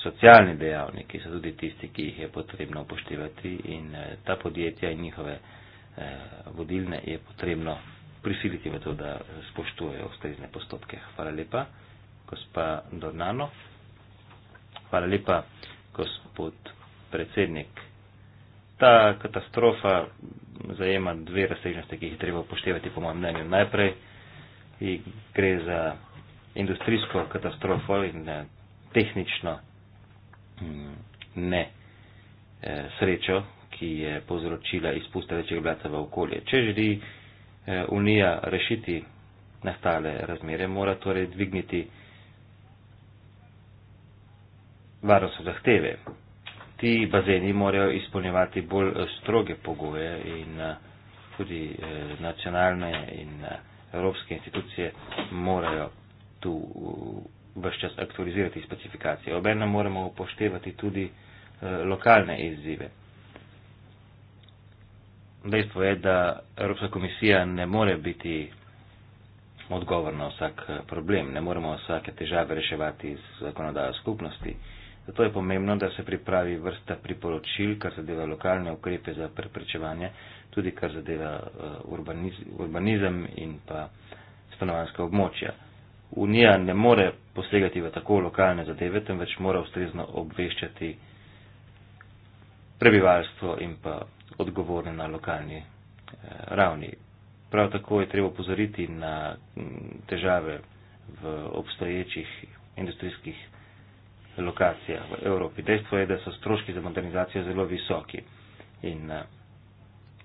socialni dejavniki so tudi tisti, ki jih je potrebno upoštevati in ta podjetja in njihove vodilne je potrebno prisiliti v to, da spoštujejo ustrezne postopke. Hvala lepa, gospa Dornano. Hvala lepa, gospod predsednik. Ta katastrofa zajema dve razsežnosti, ki jih treba upoštevati, po mojem mnenju. Najprej gre za industrijsko katastrofo ali eh, mm, ne, tehnično ne srečo, ki je povzročila izpuste večjega blata v okolje. Če želi Eh, Unija rešiti nastale razmere, mora torej dvigniti varnostne zahteve. Ti bazeni morajo izpolnjevati bolj eh, stroge pogoje in eh, tudi nacionalne in evropske institucije morajo tu vse čas aktualizirati specifikacije. Obenem moramo upoštevati tudi lokalne izzive dejstvo je, da Evropska komisija ne more biti odgovor na vsak eh, problem, ne moremo vsake težave reševati z zakonodajo skupnosti. Zato je pomembno, da se pripravi vrsta priporočil, kar zadeva lokalne ukrepe za preprečevanje, tudi kar zadeva eh, urbaniz urbanizem in pa stanovanske območja. Unija ne more posegati v tako lokalne zadeve, temveč mora ustrezno obveščati prebivalstvo in pa odgovorne na lokalni eh, ravni. Prav tako je treba upozoriti na težave v obstoječih industrijskih lokacijah v Evropi. Dejstvo je, da so stroški za modernizacijo zelo visoki in eh,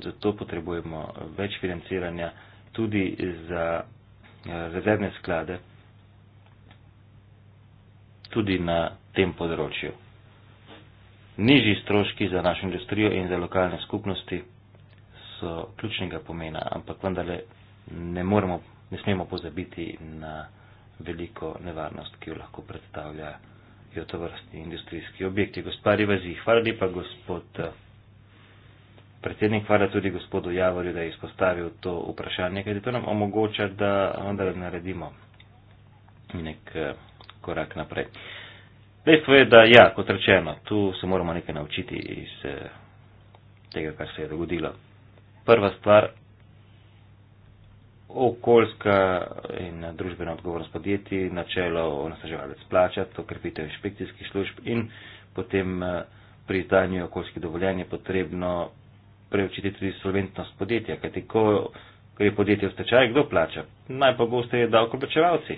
zato potrebujemo več financiranja tudi za eh, rezervne sklade, tudi na tem področju nižji stroški za našo industrijo in za lokalne skupnosti so ključnega pomena, ampak vendarle ne, moremo, ne smemo pozabiti na veliko nevarnost, ki jo lahko predstavljajo to vrstni industrijski objekti. Gospa Rivazi, hvala lepa, gospod predsednik, hvala tudi gospodu Javorju, da je izpostavil to vprašanje, kajti to nam omogoča, da vendarle naredimo nek eh, korak naprej. Dejstvo je, da ja, kot rečeno, tu se moramo nekaj naučiti iz eh, tega, kar se je dogodilo. Prva stvar, okoljska in družbena odgovornost podjetij, načelo onesnaževalec plača, to krepitev inšpekcijskih služb in potem eh, pri izdanju okoljskih dovoljenj je potrebno preučiti tudi solventnost podjetja, kajti ko gre podjetje v stečaj, kdo plača? Najpogosteje davkoplačevalci.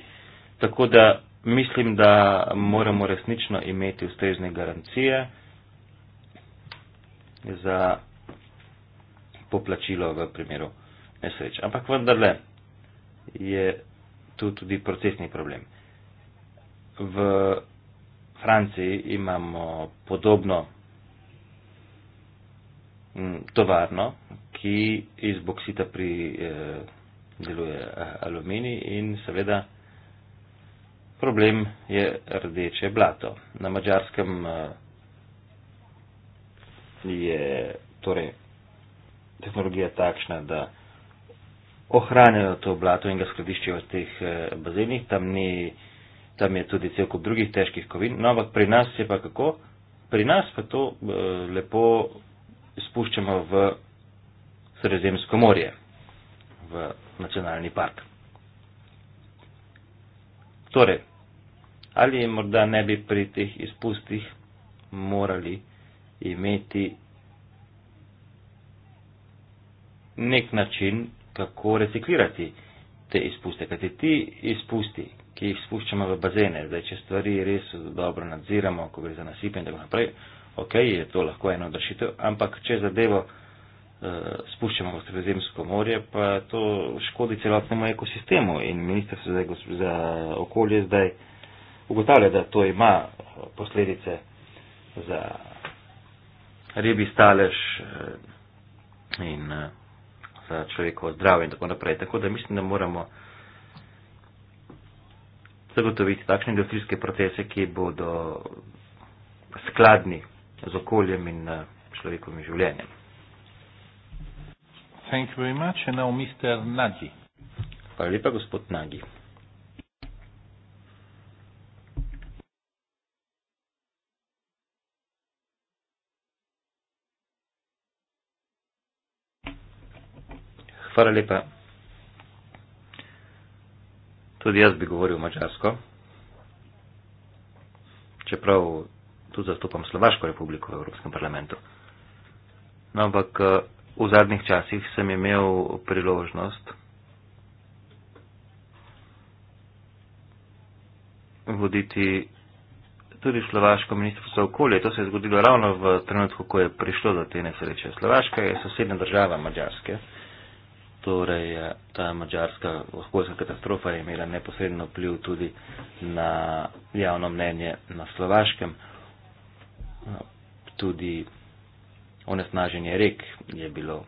Tako da mislim, da moramo resnično imeti ustrezne garancije za poplačilo v primeru nesreč. Ampak vendarle je tu tudi procesni problem. V Franciji imamo podobno mm, tovarno, ki iz boksita prideluje eh, eh, aluminij in seveda problem je rdeče blato. Na mačarskem eh, je torej tehnologija takšna, da ohranjajo to blato in ga skladiščijo v teh eh, bazenih, tam, ni, tam je tudi cel kup drugih težkih kovin, no ampak pri nas je pa kako? Pri nas pa to eh, lepo spuščamo v Sredozemsko morje, v nacionalni park. Torej, ali je morda ne bi pri teh izpustih morali imeti nek način, kako reciklirati te izpuste, kajti ti izpusti, ki jih spuščamo v bazene, zdaj če stvari res dobro nadziramo, ko gre za nasipe in tako naprej, ok, je to lahko eno odrešitev, ampak če zadevo uh, spuščamo v sredozemsko morje, pa to škodi celotnemu ekosistemu in ministrstvo za okolje zdaj uh, ugotavlja, da to ima eh, posledice za ribi stalež eh, in eh, za človekovo zdravje in tako naprej. Tako da mislim, da moramo zagotoviti takšne industrijske procese, ki bodo skladni z okoljem in človekovim življenjem. Thank you very much. And now Mr. Nagy. Hvala lepa, gospod Nagy. Hvala lepa. Tudi jaz bi govoril mačarsko, čeprav tudi zastopam Slovaško republiko v Evropskem parlamentu. No, ampak v zadnjih časih sem imel priložnost voditi tudi Slovaško ministrstvo za okolje. To se je zgodilo ravno v trenutku, ko je prišlo do te nesreče. Slovaška je sosednja država Mačarske torej eh, ta mađarska okoljska katastrofa je imela neposredno vpliv tudi na javno mnenje na Slovaškem. Tudi onesnaženje rek je bilo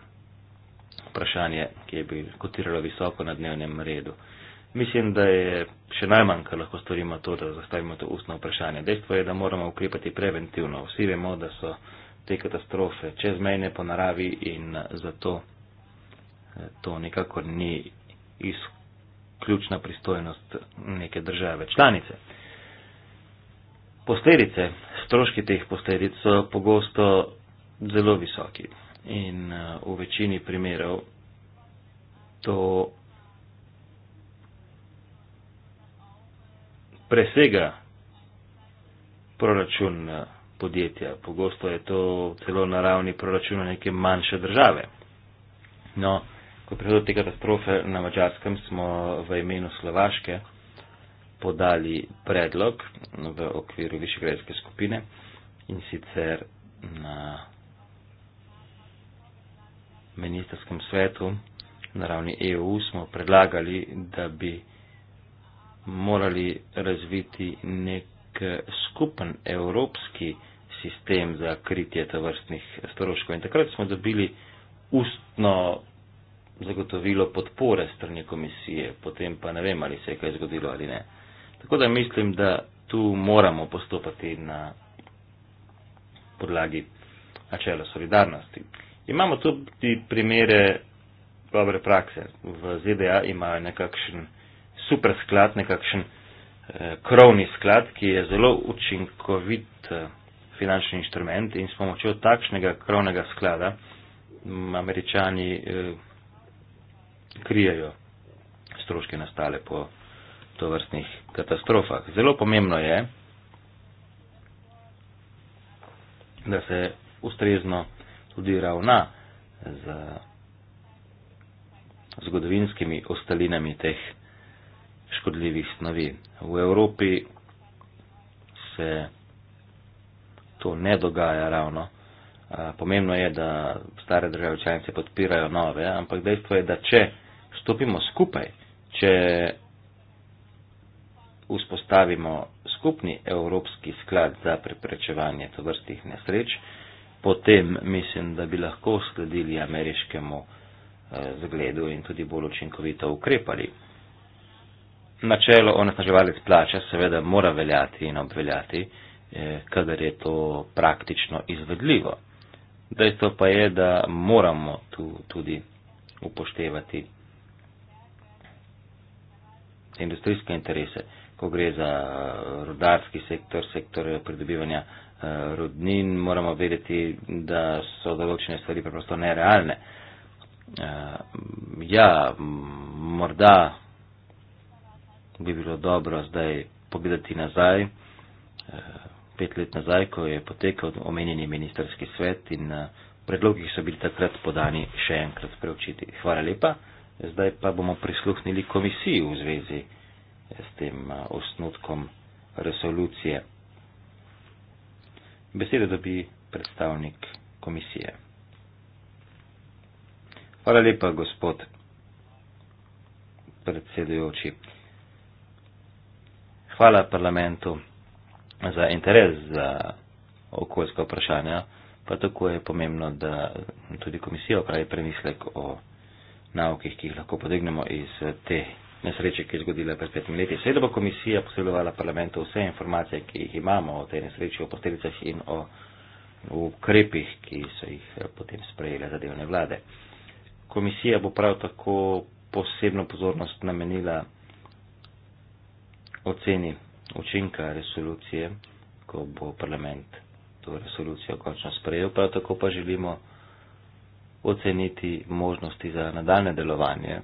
vprašanje, ki je bilo kotiralo visoko na dnevnem redu. Mislim, da je še najmanj, kar lahko storimo to, da zastavimo to ustno vprašanje. Dejstvo je, da moramo ukrepati preventivno. Vsi vemo, da so te katastrofe čezmejne po naravi in eh, zato to nekako ni izključna pristojnost neke države članice. Posledice, stroški teh posledic so pogosto zelo visoki in uh, v večini primerov to presega proračun uh, podjetja. Pogosto je to celo na ravni proračuna neke manjše države. No, ko je prišlo do te katastrofe na Mačarskem, smo v imenu Slovaške podali predlog v okviru višegradske skupine in sicer na ministerskem svetu na ravni EU smo predlagali, da bi morali razviti nek skupen evropski sistem za kritje tovrstnih stroškov. In takrat smo dobili ustno zagotovilo podpore strani komisije, potem pa ne vem, ali se je kaj zgodilo ali ne. Tako da mislim, da tu moramo postopati na podlagi načela solidarnosti. Imamo tudi primere dobre prakse. V ZDA imajo nekakšen super sklad, nekakšen eh, krovni sklad, ki je zelo učinkovit eh, finančni inštrument in s pomočjo takšnega krovnega sklada m, američani. Eh, krijejo stroške nastale po tovrstnih katastrofah. Zelo pomembno je, da se ustrezno tudi ravna z zgodovinskimi ostalinami teh škodljivih snovi. V Evropi se to ne dogaja ravno. Pomembno je, da stare države članice podpirajo nove, ampak dejstvo je, da če stopimo skupaj, če vzpostavimo skupni evropski sklad za preprečevanje tovrstih nesreč, potem mislim, da bi lahko uskladili ameriškemu eh, zgledu in tudi bolj učinkovito ukrepali. Načelo onesnaževalec plača seveda mora veljati in obveljati, eh, kadar je to praktično izvedljivo. Dejstvo pa je, da moramo tu tudi upoštevati industrijske interese, ko gre za eh, rudarski sektor, sektor eh, pridobivanja eh, rudnin, moramo vedeti, da so določene stvari preprosto nerealne. Ja, morda bi bilo dobro zdaj pogledati nazaj, pet let nazaj, ko je potekal omenjeni ministerski svet in predlogi, ki so bili takrat podani, še enkrat preučiti. Hvala lepa. Zdaj pa bomo prisluhnili komisiji v zvezi s tem eh, osnutkom resolucije. Besedo dobi predstavnik komisije. Hvala lepa, gospod predsedujoči. Hvala parlamentu za interes za okoljska vprašanja, pa tako je pomembno, da tudi komisija opravi premislek o naukih, ki jih lahko podegnemo iz te nesreče, ki je zgodila pred petimi leti. Seveda bo komisija posredovala parlamentu vse informacije, ki jih imamo o tej nesreči, o posledicah in o ukrepih, ki so jih eh, potem sprejele zadevne vlade. Komisija bo prav tako posebno pozornost namenila oceni učinka resolucije, ko bo parlament to resolucijo končno sprejel. Prav tako pa želimo oceniti možnosti za nadaljne delovanje,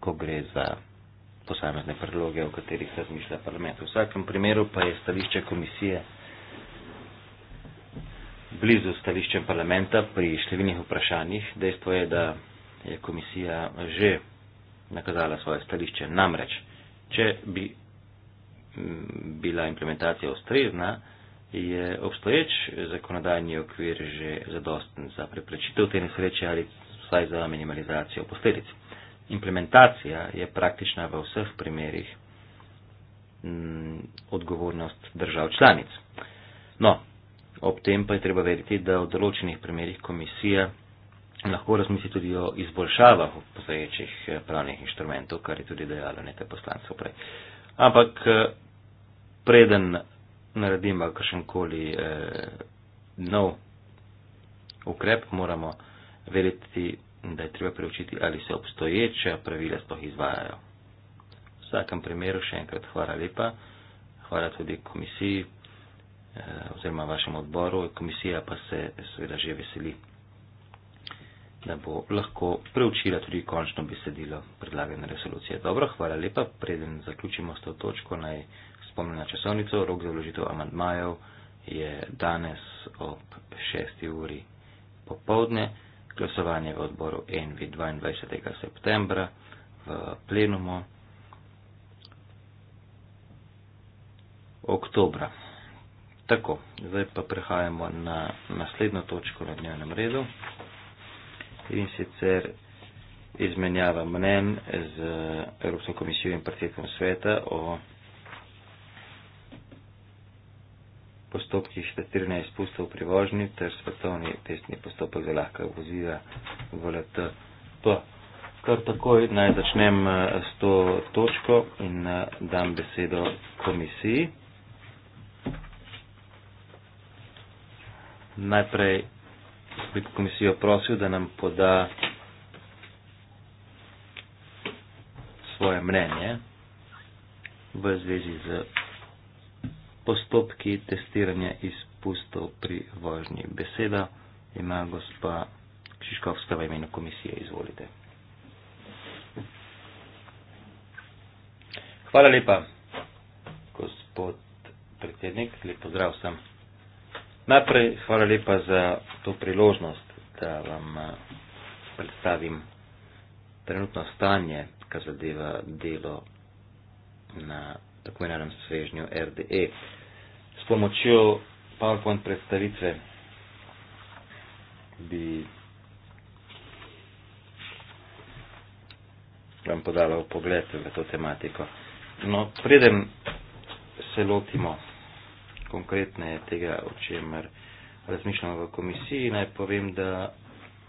ko gre za posamezne predloge, o katerih razmišlja parlament. V vsakem primeru pa je stališče komisije blizu stališčem parlamenta pri številnih vprašanjih. Dejstvo je, da je komisija že nakazala svoje stališče. Namreč, če bi bila implementacija ustrezna, je obstoječ zakonodajni okvir že zadosten za preprečitev te nesreče ali vsaj za minimalizacijo posledic. Implementacija je praktična v vseh primerih m, mm, odgovornost držav članic. No, ob tem pa je treba vedeti, da v določenih primerih komisija lahko razmisli tudi o izboljšavah obstoječih eh, pravnih inštrumentov, kar je tudi dejalo nekaj poslancev prej. Ampak eh, preden naredim kakršenkoli eh, nov ukrep, moramo vedeti, da je treba preučiti, ali se obstoječe pravile sploh izvajajo. V vsakem primeru še enkrat hvala lepa, hvala tudi komisiji eh, oziroma vašemu odboru, komisija pa se seveda že veseli, da bo lahko preučila tudi končno besedilo predlagane resolucije. Dobro, hvala lepa, preden zaključimo s to točko, naj spomnim na časovnico, rok za vložitev amantmajev je danes ob 6. uri popovdne, glasovanje v odboru NV 22. septembra v plenumu oktobra. Tako, zdaj pa prehajamo na naslednjo točko na dnevnem redu in sicer izmenjava mnen z Evropsko komisijo in predsednikom sveta o postopki švestiranja izpustov pri vožnji ter svetovni testni postopek za lahka voziva VLTP. Kar takoj naj začnem eh, s to točko in eh, dam besedo komisiji. Najprej bi komisijo prosil, da nam poda svoje mnenje v zvezi z postopki testiranja izpustov pri vožnji. Beseda ima gospa Šiškovska v imenu komisije. Izvolite. Hvala lepa, gospod predsednik. Lep pozdrav sem. Najprej hvala lepa za to priložnost, da vam eh, predstavim trenutno stanje, kar zadeva delo na tako imenem svežnju RDE. S pomočjo PowerPoint predstavitve bi vam podala v pogled v to tematiko. No, preden se lotimo konkretne tega, o čemer razmišljamo v komisiji, naj povem, da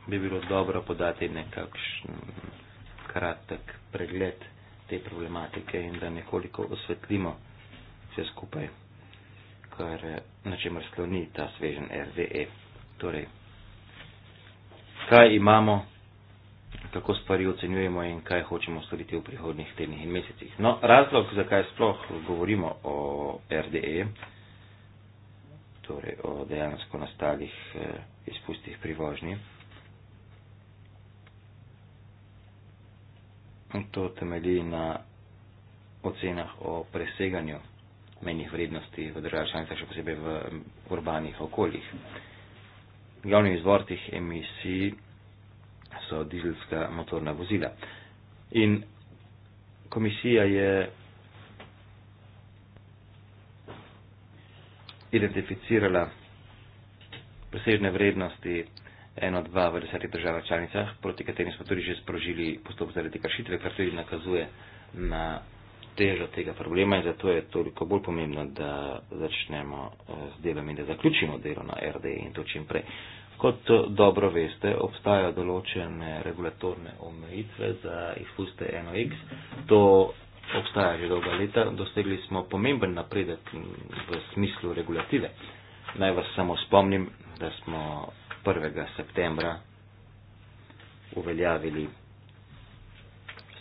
bi bilo dobro podati nekakšen kratek pregled te problematike in da nekoliko osvetlimo vse skupaj, kar na čemer sloni ta svežen RDE. Torej, kaj imamo, kako stvari ocenjujemo in kaj hočemo storiti v prihodnih tednih in mesecih. No, razlog, zakaj sploh govorimo o RDE, torej o dejansko nastalih eh, izpustih pri vožnji, to temelji na ocenah o preseganju menjih vrednosti v državah članicah, še posebej v urbanih okoljih. Glavni izvor teh emisij so dizelska motorna vozila. In komisija je identificirala presežne vrednosti eno, dva v desetih državah članicah, proti katerim smo tudi že sprožili postopek zaradi kršitve, kar tudi nakazuje na težo tega problema in zato je toliko bolj pomembno, da začnemo eh, z delom in da zaključimo delo na RD in to čim prej. Kot eh, dobro veste, obstajajo določene regulatorne omejitve za izpuste NOx. To obstaja že dolga leta. Dosegli smo pomemben napredek mm, v smislu regulative. Naj vas samo spomnim, da smo 1. septembra uveljavili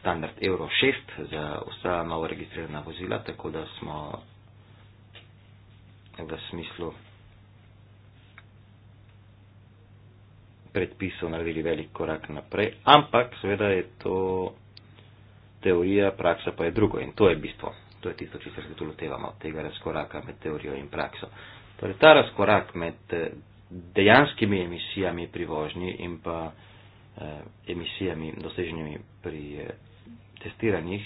standard Euro 6 za vsa novo registrirana vozila, tako da smo v smislu predpisov naredili velik korak naprej, ampak seveda je to teorija, praksa pa je drugo in to je bistvo. To je tisto, če se tudi lotevamo tega razkoraka med teorijo in prakso. Torej, ta razkorak med dejanskimi emisijami pri vožnji in pa eh, emisijami doseženimi pri eh, testiranjih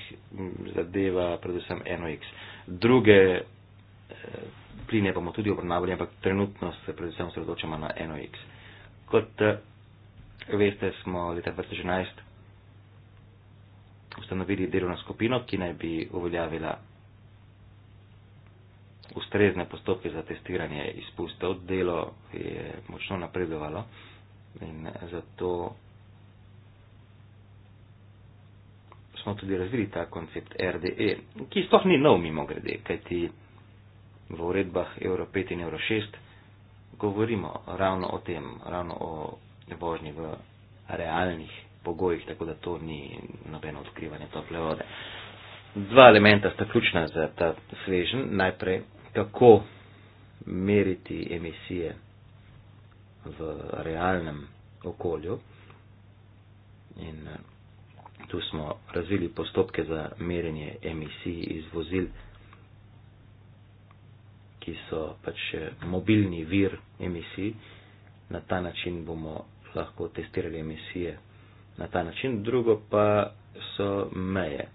zadeva predvsem NOx. Druge eh, pline bomo tudi obravnavali, ampak trenutno se predvsem sredočamo na NOx. Kot veste, smo leta 2011 ustanovili delovno skupino, ki naj bi uveljavila ustrezne postopke za testiranje izpustov. Delo je močno napredovalo in zato smo tudi razvili ta koncept RDE, ki sploh ni nov mimo grede, kajti v uredbah Euro 5 in Euro 6 govorimo ravno o tem, ravno o vožnji v realnih pogojih, tako da to ni nobeno odkrivanje tople vode. Dva elementa sta ključna za ta svežen. Najprej tako meriti emisije v realnem okolju. In eh, tu smo razvili postopke za merjenje emisij iz vozil, ki so pač eh, mobilni vir emisij. Na ta način bomo lahko testirali emisije. Na ta način drugo pa so meje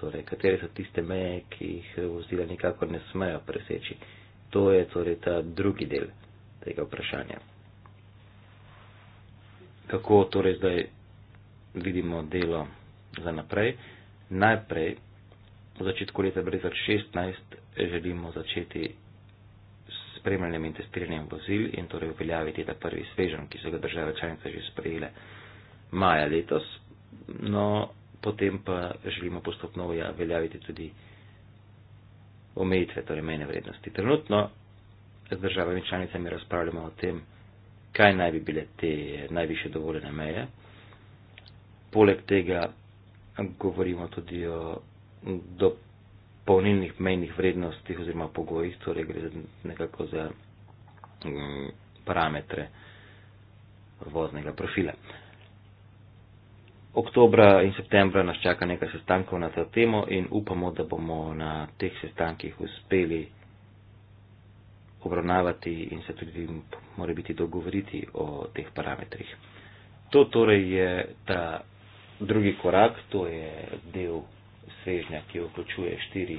torej katere so tiste meje, ki jih vozila nikako ne smejo preseči. To je torej ta drugi del tega vprašanja. Kako torej zdaj vidimo delo za naprej? Najprej, v začetku leta 2016, želimo začeti s spremljanjem in testiranjem vozil in torej uveljaviti ta prvi svežen, ki so ga države članice že sprejele maja letos. No, potem pa želimo postopno uveljaviti tudi omejitve, torej mejne vrednosti. Trenutno z državami članicami razpravljamo o tem, kaj naj bi bile te najviše dovoljene meje. Poleg tega govorimo tudi o dopolnilnih mejnih vrednostih oziroma pogojih, torej gre nekako za mm, parametre voznega profila. Uh, Oktobra in septembra nas čaka nekaj sestankov na to temo in upamo, da bomo na teh sestankih uspeli obravnavati in se tudi mora biti dogovoriti o teh parametrih. To torej je ta drugi korak, to je del svežnja, ki vključuje štiri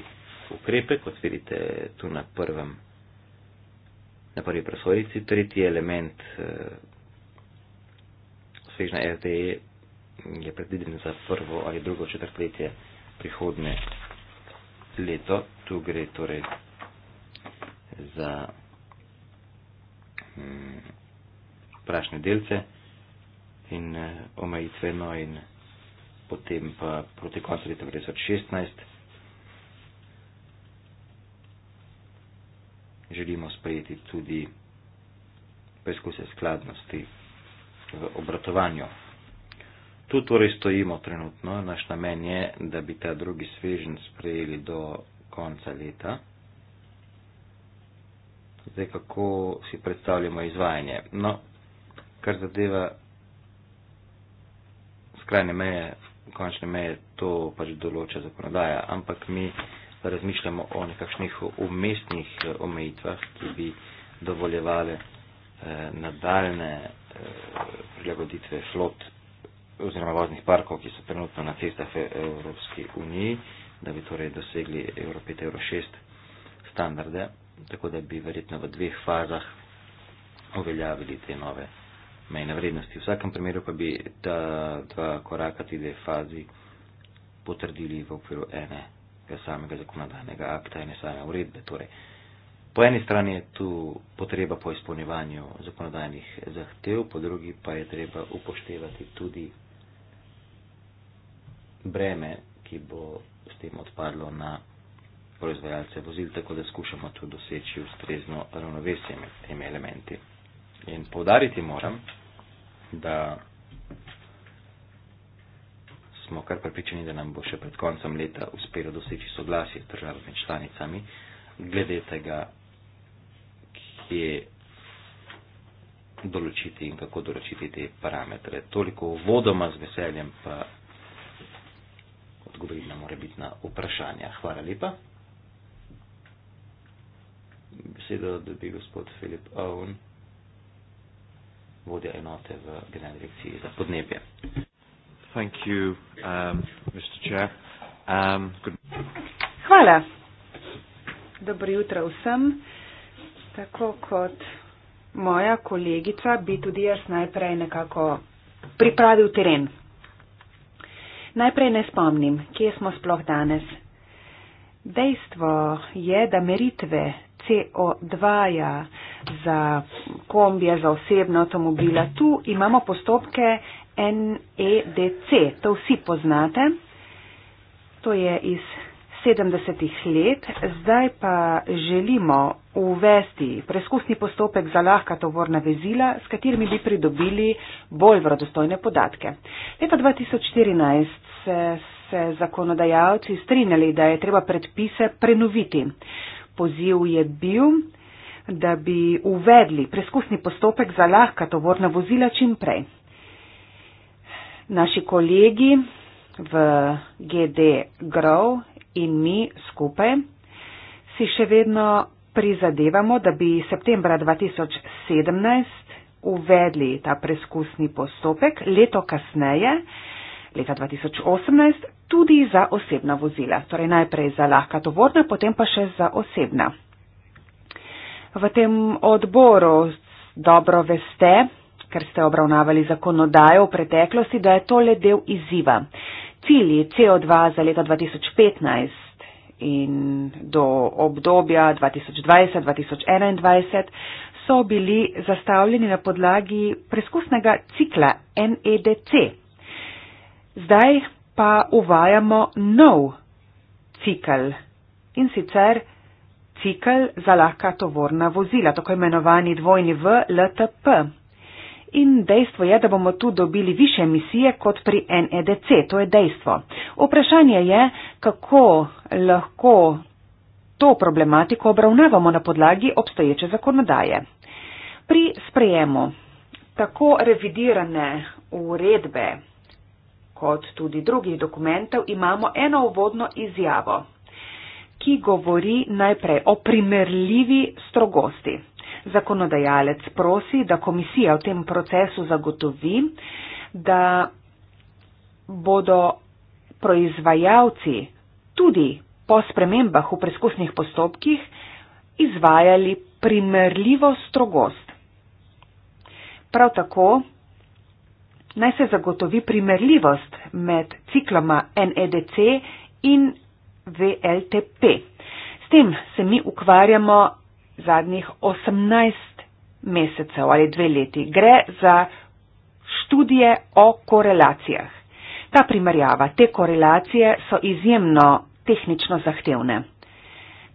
ukrepe, kot vidite tu na prvem. Na prvi presojici tretji element eh, svežna FDE je predviden za prvo ali drugo četrtletje prihodne leto. Tu gre torej za mm, prašne delce in eh, omejitveno in potem pa proti koncu leta 2016 želimo sprejeti tudi preizkuse skladnosti v obratovanju. Tu torej stojimo trenutno, naš namen je, da bi ta drugi svežen sprejeli do konca leta. Zdaj, kako si predstavljamo izvajanje? No, kar zadeva skrajne meje, končne meje, to pač določa zakonodaja, ampak mi razmišljamo o nekakšnih umestnih eh, omejitvah, ki bi dovoljevali eh, nadaljne eh, prilagoditve flot oziroma voznih parkov, ki so trenutno na cestah v Evropski uniji, da bi torej dosegli Euro 5, Euro 6 standarde, tako da bi verjetno v dveh fazah uveljavili te nove mejne vrednosti. V vsakem primeru pa bi ta dva koraka, ti dve fazi potrdili v okviru enega samega zakonodajnega akta, ene same uredbe. Torej, po eni strani je tu potreba po izpolnjevanju zakonodajnih zahtev, po drugi pa je treba upoštevati tudi breme, ki bo s tem odpadlo na proizvajalce vozil, tako da skušamo tu doseči ustrezno ravnovesje med temi elementi. In povdariti moram, da smo kar pripričani, da nam bo še pred koncem leta uspelo doseči soglasje z državami članicami, glede tega, kje določiti in kako določiti te parametre. Toliko vodoma z veseljem pa odgovoriti na morebitna vprašanja. Hvala lepa. Besedo dobi gospod Filip Owen, vodja enote v Generalni direkciji za podnebje. Thank you, um, Mr. Chair. Um, good... Hvala. Dobro jutro vsem. Tako kot moja kolegica, bi tudi jaz najprej nekako pripravil teren. Najprej ne spomnim, kje smo sploh danes. Dejstvo je, da meritve CO2 -ja za kombije, za osebna avtomobila, tu imamo postopke NEDC, to vsi poznate. To je iz 70 let, zdaj pa želimo uvesti preskusni postopek za lahka tovorna vezila, s katerimi bi pridobili bolj vrodostojne podatke. Leta 2014 se, se zakonodajalci strinjali, da je treba predpise prenoviti. Poziv je bil, da bi uvedli preskusni postopek za lahka tovorna vozila čim prej. Naši kolegi v GD Grow in mi skupaj si še vedno prizadevamo, da bi septembra 2017 uvedli ta preskusni postopek leto kasneje, leta 2018, tudi za osebna vozila. Torej najprej za lahka tovorna, potem pa še za osebna. V tem odboru dobro veste, ker ste obravnavali zakonodajo v preteklosti, da je to le del izziva cilji CO2 za leto 2015 in do obdobja 2020-2021 so bili zastavljeni na podlagi preskusnega cikla NEDC. Zdaj pa uvajamo nov cikl in sicer cikl za lahka tovorna vozila, tako imenovani dvojni VLTP. In dejstvo je, da bomo tu dobili više emisije kot pri NEDC, to je dejstvo. Vprašanje je, kako lahko to problematiko obravnavamo na podlagi obstoječe zakonodaje. Pri sprejemu tako revidirane uredbe kot tudi drugih dokumentov imamo eno uvodno izjavo, ki govori najprej o primerljivi strogosti zakonodajalec prosi, da komisija v tem procesu zagotovi, da bodo proizvajalci tudi po spremembah v preskusnih postopkih izvajali primerljivo strogost. Prav tako naj se zagotovi primerljivost med cikloma NEDC in VLTP. S tem se mi ukvarjamo zadnjih 18 mesecev ali dve leti. Gre za študije o korelacijah. Ta primerjava, te korelacije so izjemno tehnično zahtevne.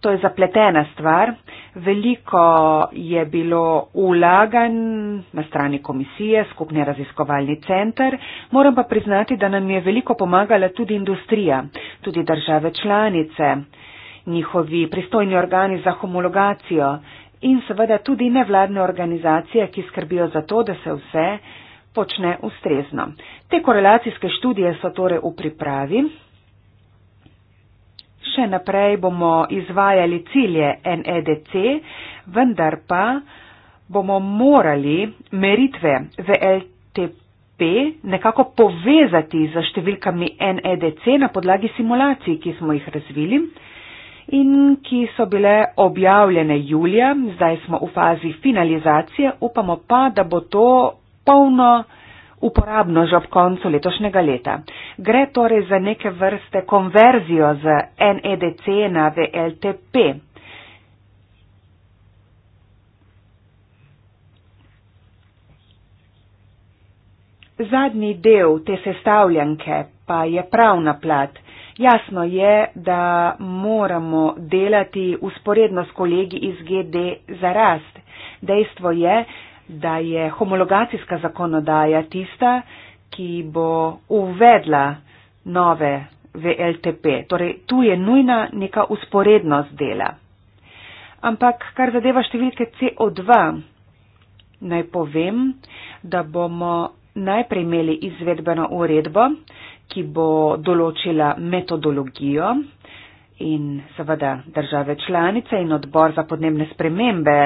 To je zapletena stvar. Veliko je bilo ulagan na strani komisije, skupni raziskovalni center. Moram pa priznati, da nam je veliko pomagala tudi industrija, tudi države članice njihovi pristojni organi za homologacijo in seveda tudi nevladne organizacije, ki skrbijo za to, da se vse počne ustrezno. Te korelacijske študije so torej v pripravi. Še naprej bomo izvajali cilje NEDC, vendar pa bomo morali meritve VLTP nekako povezati z številkami NEDC na podlagi simulacij, ki smo jih razvili in ki so bile objavljene julija. Zdaj smo v fazi finalizacije, upamo pa, da bo to polno uporabno že ob koncu letošnjega leta. Gre torej za neke vrste konverzijo z NEDC na VLTP. Zadnji del te sestavljanke pa je pravna plat. Jasno je, da moramo delati usporedno s kolegi iz GD za rast. Dejstvo je, da je homologacijska zakonodaja tista, ki bo uvedla nove VLTP. Torej, tu je nujna neka usporednost dela. Ampak, kar zadeva številke CO2, naj povem, da bomo najprej imeli izvedbeno uredbo, ki bo določila metodologijo in seveda države članice in odbor za podnebne spremembe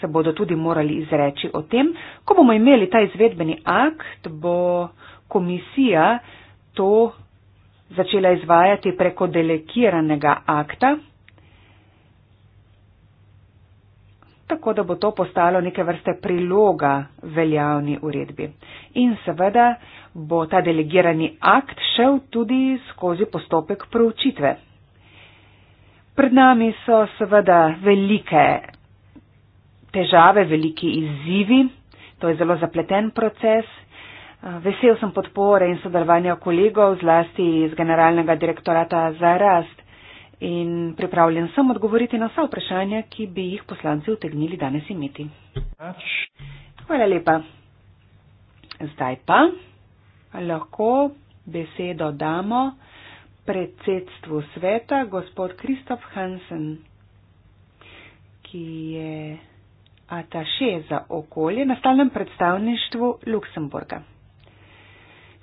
se bodo tudi morali izreči o tem. Ko bomo imeli ta izvedbeni akt, bo komisija to začela izvajati preko delegiranega akta, tako da bo to postalo neke vrste priloga veljavni uredbi. In seveda bo ta delegirani akt šel tudi skozi postopek proučitve. Pred nami so seveda velike težave, veliki izzivi, to je zelo zapleten proces. Vesel sem podpore in sodelovanja kolegov, zlasti iz Generalnega direktorata za rast, in pripravljen sem odgovoriti na vsa vprašanja, ki bi jih poslanci utegnili danes imeti. Hvala lepa. Zdaj pa lahko besedo damo predsedstvu sveta, gospod Kristof Hansen, ki je ataše za okolje na stalnem predstavništvu Luksemburga.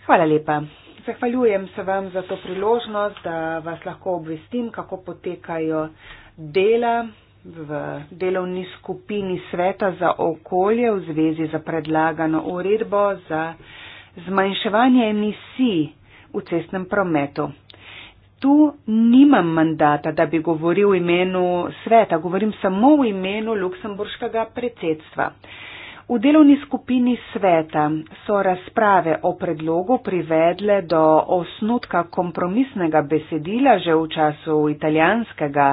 Hvala lepa. Zahvaljujem se vam za to priložnost, da vas lahko obvestim, kako potekajo dela v delovni skupini Sveta za okolje v zvezi za predlagano uredbo za zmanjševanje emisij v cestnem prometu. Tu nimam mandata, da bi govoril v imenu sveta, govorim samo v imenu luksemburškega predsedstva. V delovni skupini sveta so razprave o predlogu privedle do osnutka kompromisnega besedila že v času italijanskega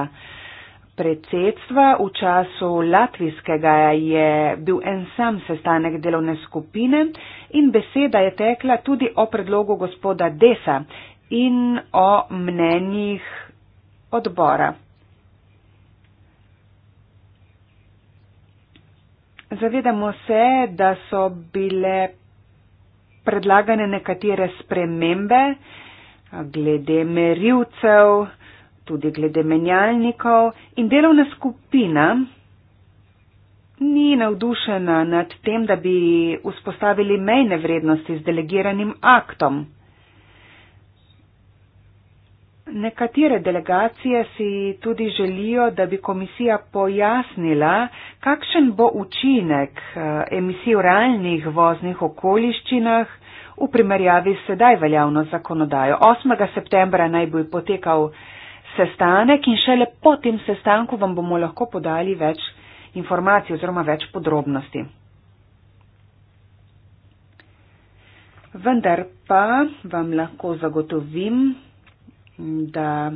predsedstva. V času latvijskega je bil en sam sestanek delovne skupine in beseda je tekla tudi o predlogu gospoda Desa in o mnenjih odbora. Zavedamo se, da so bile predlagane nekatere spremembe glede merilcev, tudi glede menjalnikov in delovna skupina ni navdušena nad tem, da bi vzpostavili mejne vrednosti z delegiranim aktom. Nekatere delegacije si tudi želijo, da bi komisija pojasnila, kakšen bo učinek eh, emisij v realnih voznih okoliščinah v primerjavi s sedaj veljavno zakonodajo. 8. septembra naj bi potekal sestanek in šele po tem sestanku vam bomo lahko podali več informacij oziroma več podrobnosti. Vendar pa vam lahko zagotovim, da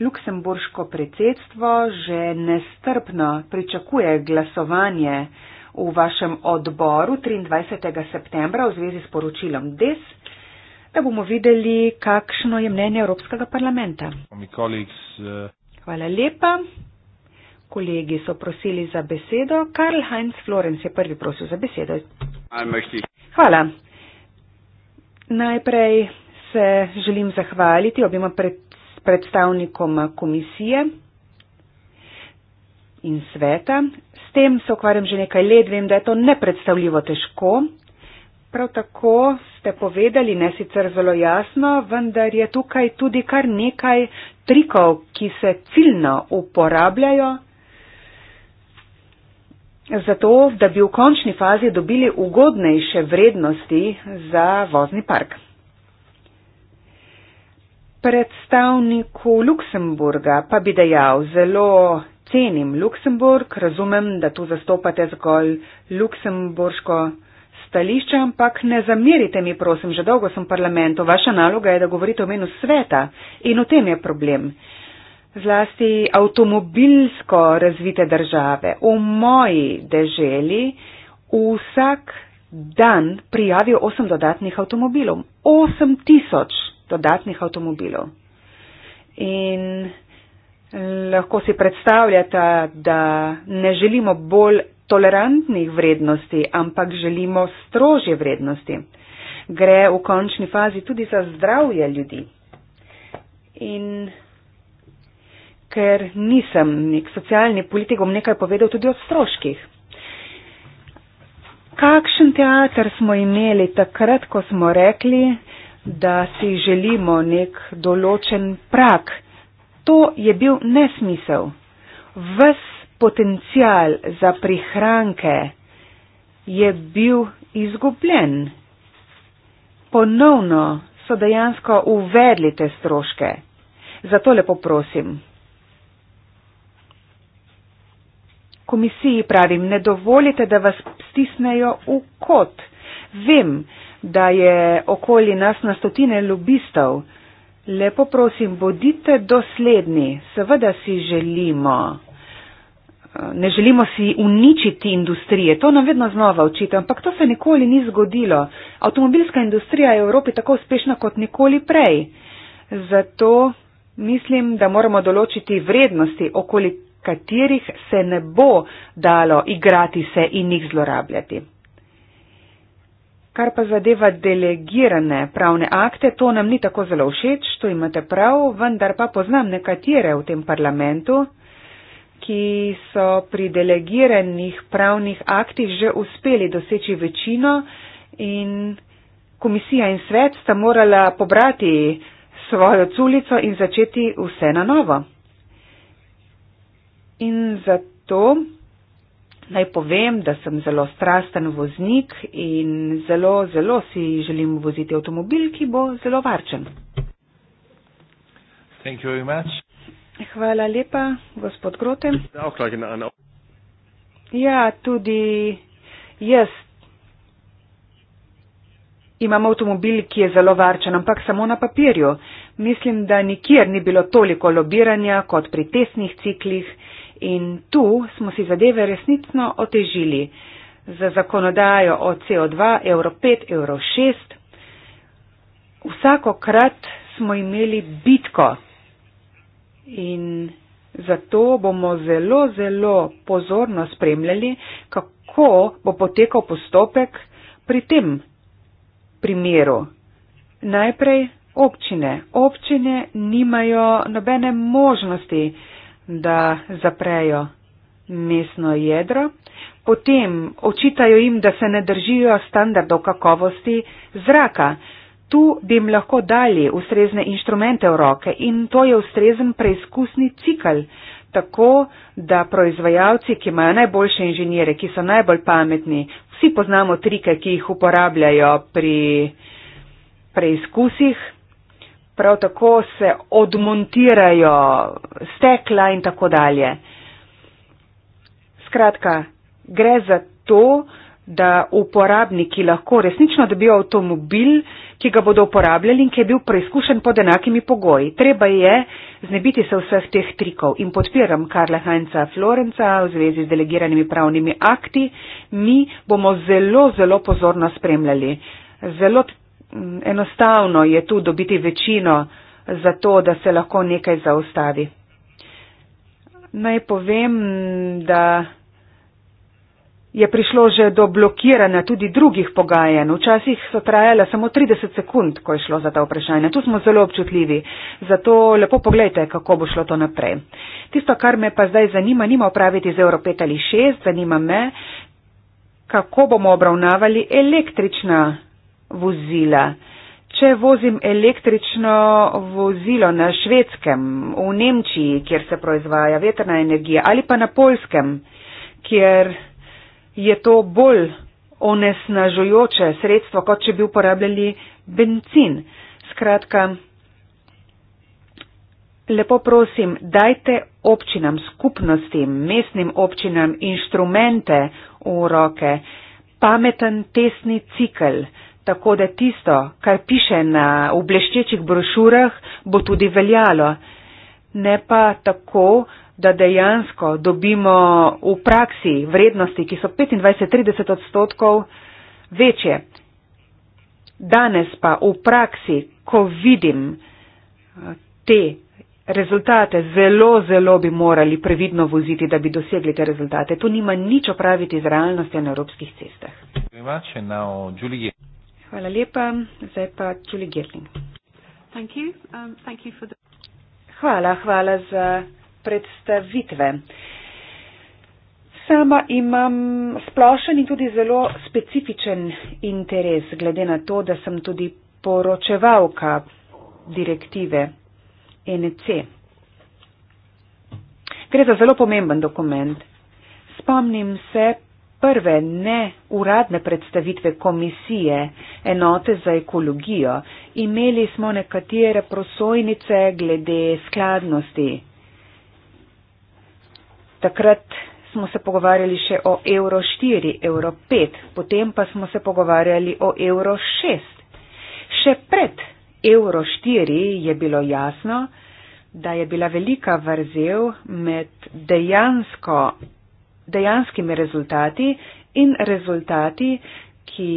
Luksemburško predsedstvo že nestrpno pričakuje glasovanje v vašem odboru 23. septembra v zvezi s poročilom DES, da bomo videli, kakšno je mnenje Evropskega parlamenta. Uh, Hvala lepa. Kolegi so prosili za besedo. Karl Heinz Florenc je prvi prosil za besedo. Hvala. Najprej se želim zahvaliti obima predstavnikom komisije in sveta. S tem se ukvarjam že nekaj let, vem, da je to nepredstavljivo težko. Prav tako ste povedali, ne sicer zelo jasno, vendar je tukaj tudi kar nekaj trikov, ki se ciljno uporabljajo, zato da bi v končni fazi dobili ugodnejše vrednosti za vozni park predstavniku Luksemburga pa bi dejal, zelo cenim Luksemburg, razumem, da tu zastopate zgolj luksemburško stališče, ampak ne zamerite mi, prosim, že dolgo sem v parlamentu, vaša naloga je, da govorite o menu sveta in v tem je problem. Zlasti avtomobilsko razvite države. V moji deželi vsak dan prijavijo 8 dodatnih avtomobilov. 8 tisoč dodatnih avtomobilov. In lahko si predstavljate, da ne želimo bolj tolerantnih vrednosti, ampak želimo strožje vrednosti. Gre v končni fazi tudi za zdravje ljudi. In ker nisem nek socialni politik, bom nekaj povedal tudi o stroških. Kakšen teater smo imeli takrat, ko smo rekli, da si želimo nek določen prak. To je bil nesmisel. Ves potencial za prihranke je bil izgubljen. Ponovno so dejansko uvedli te stroške. Zato lepo prosim. Komisiji pravim, ne dovolite, da vas stisnejo v kot. Vem, da je okoli nas na stotine lobistov. Lepo prosim, bodite dosledni. Seveda si želimo. Ne želimo si uničiti industrije, to nam vedno znova očita, ampak to se nikoli ni zgodilo. Avtomobilska industrija je v Evropi tako uspešna kot nikoli prej. Zato mislim, da moramo določiti vrednosti, okoli katerih se ne bo dalo igrati se in jih zlorabljati. Kar pa zadeva delegirane pravne akte, to nam ni tako zelo všeč, to imate prav, vendar pa poznam nekatere v tem parlamentu, ki so pri delegiranih pravnih aktih že uspeli doseči večino in komisija in svet sta morala pobrati svojo culico in začeti vse na novo. In zato Naj povem, da sem zelo strasten voznik in zelo, zelo si želim voziti avtomobil, ki bo zelo varčen. Hvala lepa, gospod Grotem. Ja, tudi jaz imam avtomobil, ki je zelo varčen, ampak samo na papirju. Mislim, da nikjer ni bilo toliko lobiranja kot pri testnih ciklih. In tu smo si zadeve resnično otežili. Za zakonodajo o CO2 Euro 5, Euro 6 vsakokrat smo imeli bitko. In zato bomo zelo, zelo pozorno spremljali, kako bo potekal postopek pri tem primeru. Najprej občine. Občine nimajo nobene možnosti, da zaprejo mestno jedro, potem očitajo jim, da se ne držijo standardov kakovosti zraka. Tu bi jim lahko dali ustrezne inštrumente v roke in to je ustrezen preizkusni cikl, tako da proizvajalci, ki imajo najboljše inženjere, ki so najbolj pametni, vsi poznamo trike, ki jih uporabljajo pri preizkusih, prav tako se odmontirajo stekla in tako dalje. Skratka, gre za to, da uporabniki lahko resnično dobijo avtomobil, ki ga bodo uporabljali in ki je bil preizkušen pod enakimi pogoji. Treba je znebiti se vseh teh trikov in podpiram Karla Heinza Florenca v zvezi z delegiranimi pravnimi akti. Mi bomo zelo, zelo pozorno spremljali. Zelo enostavno je tu dobiti večino za to, da se lahko nekaj zaustavi. Naj povem, da je prišlo že do blokiranja tudi drugih pogajanj. Včasih so trajala samo 30 sekund, ko je šlo za ta vprašanja. Tu smo zelo občutljivi. Zato lepo pogledajte, kako bo šlo to naprej. Tisto, kar me pa zdaj zanima, nima opraviti z Euro 5 ali 6, zanima me, kako bomo obravnavali električna vozila. Če vozim električno vozilo na švedskem, v Nemčiji, kjer se proizvaja veterna energija, ali pa na polskem, kjer je to bolj onesnažujoče sredstvo, kot če bi uporabljali benzin. Skratka, lepo prosim, dajte občinam, skupnostim, mestnim občinam inštrumente v roke, pameten testni cikl tako da tisto, kar piše na obleščečih brošurah, bo tudi veljalo. Ne pa tako, da dejansko dobimo v praksi vrednosti, ki so 25-30 odstotkov večje. Danes pa v praksi, ko vidim eh, te rezultate, zelo, zelo bi morali previdno voziti, da bi dosegli te rezultate. To nima nič opraviti z realnostjo na evropskih cestah. Thank you very much. And now, Julie. Hvala lepa. Zdaj pa Julie Gerling. Thank you. Um, thank you for the... Hvala, hvala za predstavitve. Sama imam splošen in tudi zelo specifičen interes, glede na to, da sem tudi poročevalka direktive NEC. Gre za zelo pomemben dokument. Spomnim se prve neuradne predstavitve komisije enote za ekologijo, imeli smo nekatere prosojnice glede skladnosti. Takrat smo se pogovarjali še o evro 4, evro 5, potem pa smo se pogovarjali o evro 6. Še pred evro 4 je bilo jasno, da je bila velika vrzel med dejansko dejanskimi rezultati in rezultati, ki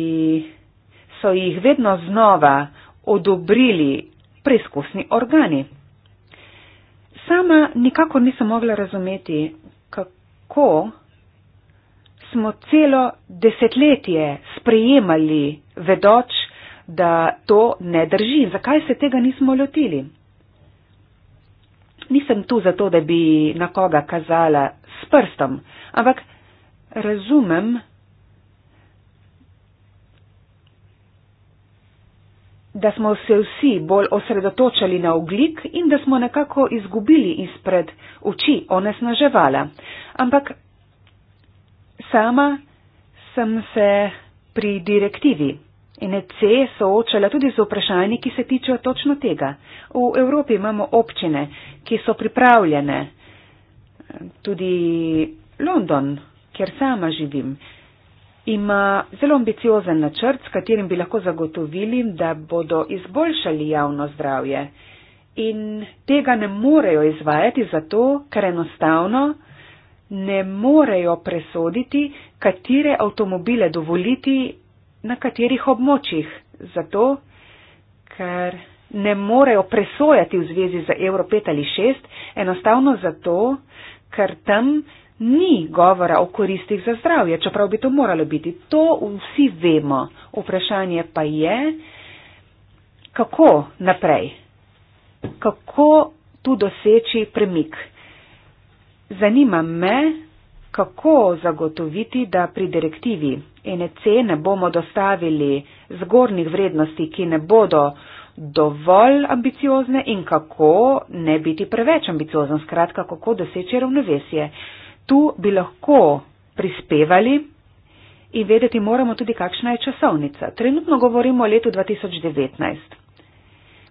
so jih vedno znova odobrili preizkusni organi. Sama nikako nisem mogla razumeti, kako smo celo desetletje sprejemali vedoč, da to ne drži, zakaj se tega nismo lotili nisem tu zato, da bi na koga kazala s prstom, ampak razumem, da smo se vsi bolj osredotočali na oglik in da smo nekako izgubili izpred oči onesnaževala. Ampak sama sem se pri direktivi In EC soočala tudi z vprašanji, ki se tičejo točno tega. V Evropi imamo občine, ki so pripravljene, tudi London, kjer sama živim, ima zelo ambiciozen načrt, s katerim bi lahko zagotovili, da bodo izboljšali javno zdravje. In tega ne morejo izvajati zato, ker enostavno ne morejo presoditi, katere avtomobile dovoliti na katerih območjih. Zato, ker ne morejo presojati v zvezi z Evro 5 ali 6, enostavno zato, ker tam ni govora o koristih za zdravje, čeprav bi to moralo biti. To vsi vemo. Vprašanje pa je, kako naprej, kako tu doseči premik. Zanima me, kako zagotoviti, da pri direktivi in cene bomo dostavili zgornjih vrednosti, ki ne bodo dovolj ambiciozne in kako ne biti preveč ambiciozen, skratka, kako doseči ravnovesje. Tu bi lahko prispevali in vedeti moramo tudi, kakšna je časovnica. Trenutno govorimo o letu 2019.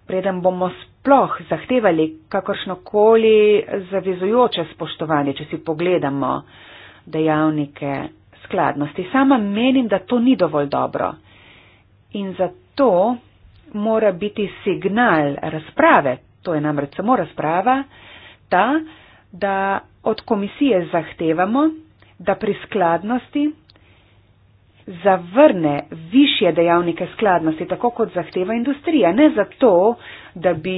Preden bomo sploh zahtevali kakršnokoli zavezujoče spoštovanje, če si pogledamo dejavnike skladnosti. Sama menim, da to ni dovolj dobro. In zato mora biti signal razprave, to je namreč samo razprava, ta, da od komisije zahtevamo, da pri skladnosti zavrne višje dejavnike skladnosti, tako kot zahteva industrija. Ne zato, da bi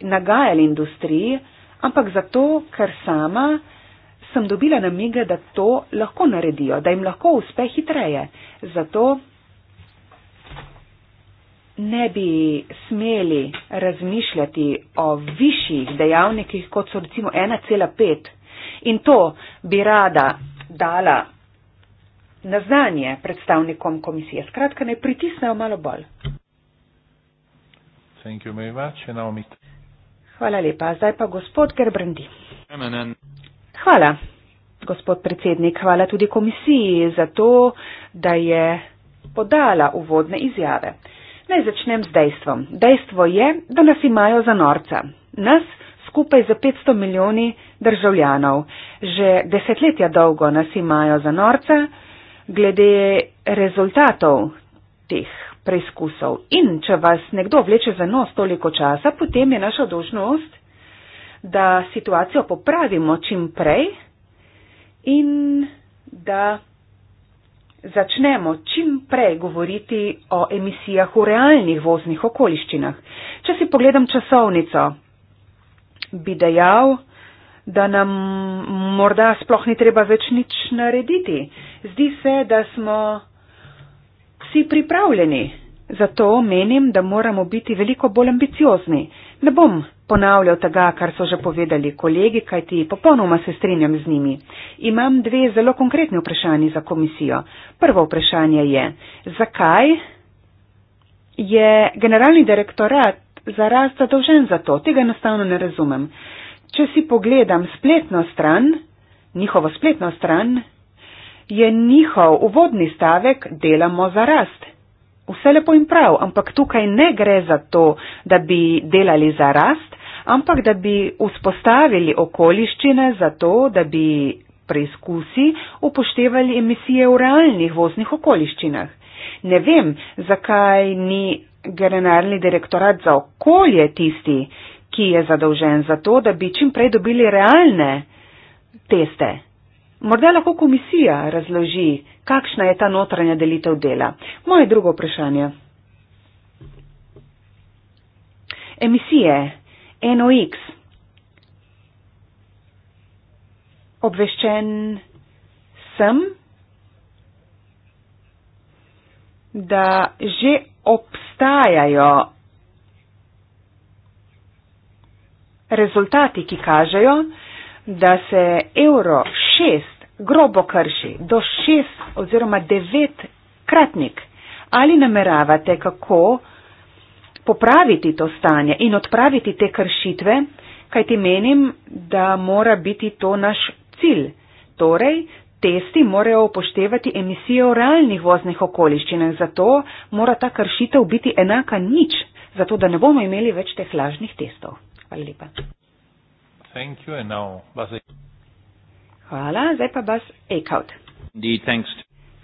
nagajali industriji, ampak zato, ker sama sem dobila namige, da to lahko naredijo, da jim lahko uspe hitreje. Zato ne bi smeli razmišljati o višjih dejavnikih, kot so recimo 1,5. In to bi rada dala na znanje predstavnikom komisije. Skratka, ne pritisnejo malo bolj. Hvala lepa. Zdaj pa gospod Gerbrandi. Hvala, gospod predsednik. Hvala tudi komisiji za to, da je podala uvodne izjave. Naj začnem s dejstvom. Dejstvo je, da nas imajo za norca. Nas skupaj za 500 milijoni državljanov. Že desetletja dolgo nas imajo za norca. Glede rezultatov teh preizkusov. In če vas nekdo vleče za nos toliko časa, potem je naša dožnost da situacijo popravimo čim prej in da začnemo čim prej govoriti o emisijah v realnih voznih okoliščinah. Če si pogledam časovnico, bi dejal, da nam morda sploh ni treba več nič narediti. Zdi se, da smo vsi pripravljeni Zato menim, da moramo biti veliko bolj ambiciozni. Ne bom ponavljal tega, kar so že povedali kolegi, kajti popolnoma se strinjam z njimi. Imam dve zelo konkretni vprašanji za komisijo. Prvo vprašanje je, zakaj je generalni direktorat za rast zadolžen za to? Tega enostavno ne razumem. Če si pogledam spletno stran, njihovo spletno stran, je njihov uvodni stavek delamo za rast vse lepo in prav, ampak tukaj ne gre za to, da bi delali za rast, ampak da bi vzpostavili okoliščine za to, da bi preizkusi upoštevali emisije v realnih voznih okoliščinah. Ne vem, zakaj ni generalni direktorat za okolje tisti, ki je zadolžen za to, da bi čim prej dobili realne teste. Morda lahko komisija razloži, kakšna je ta notranja delitev dela. Moje drugo vprašanje. Emisije NOX. Obveščen sem, da že obstajajo rezultati, ki kažejo, da se evro šest grobo krši, do šest oziroma devet kratnik. Ali nameravate kako popraviti to stanje in odpraviti te kršitve, kajti menim, da mora biti to naš cilj. Torej, testi morajo upoštevati emisijo realnih voznih okoliščin, zato mora ta kršitev biti enaka nič, zato da ne bomo imeli več teh lažnih testov. Hvala lepa. Thank you and now. Hvala, zdaj pa vas Ekaut.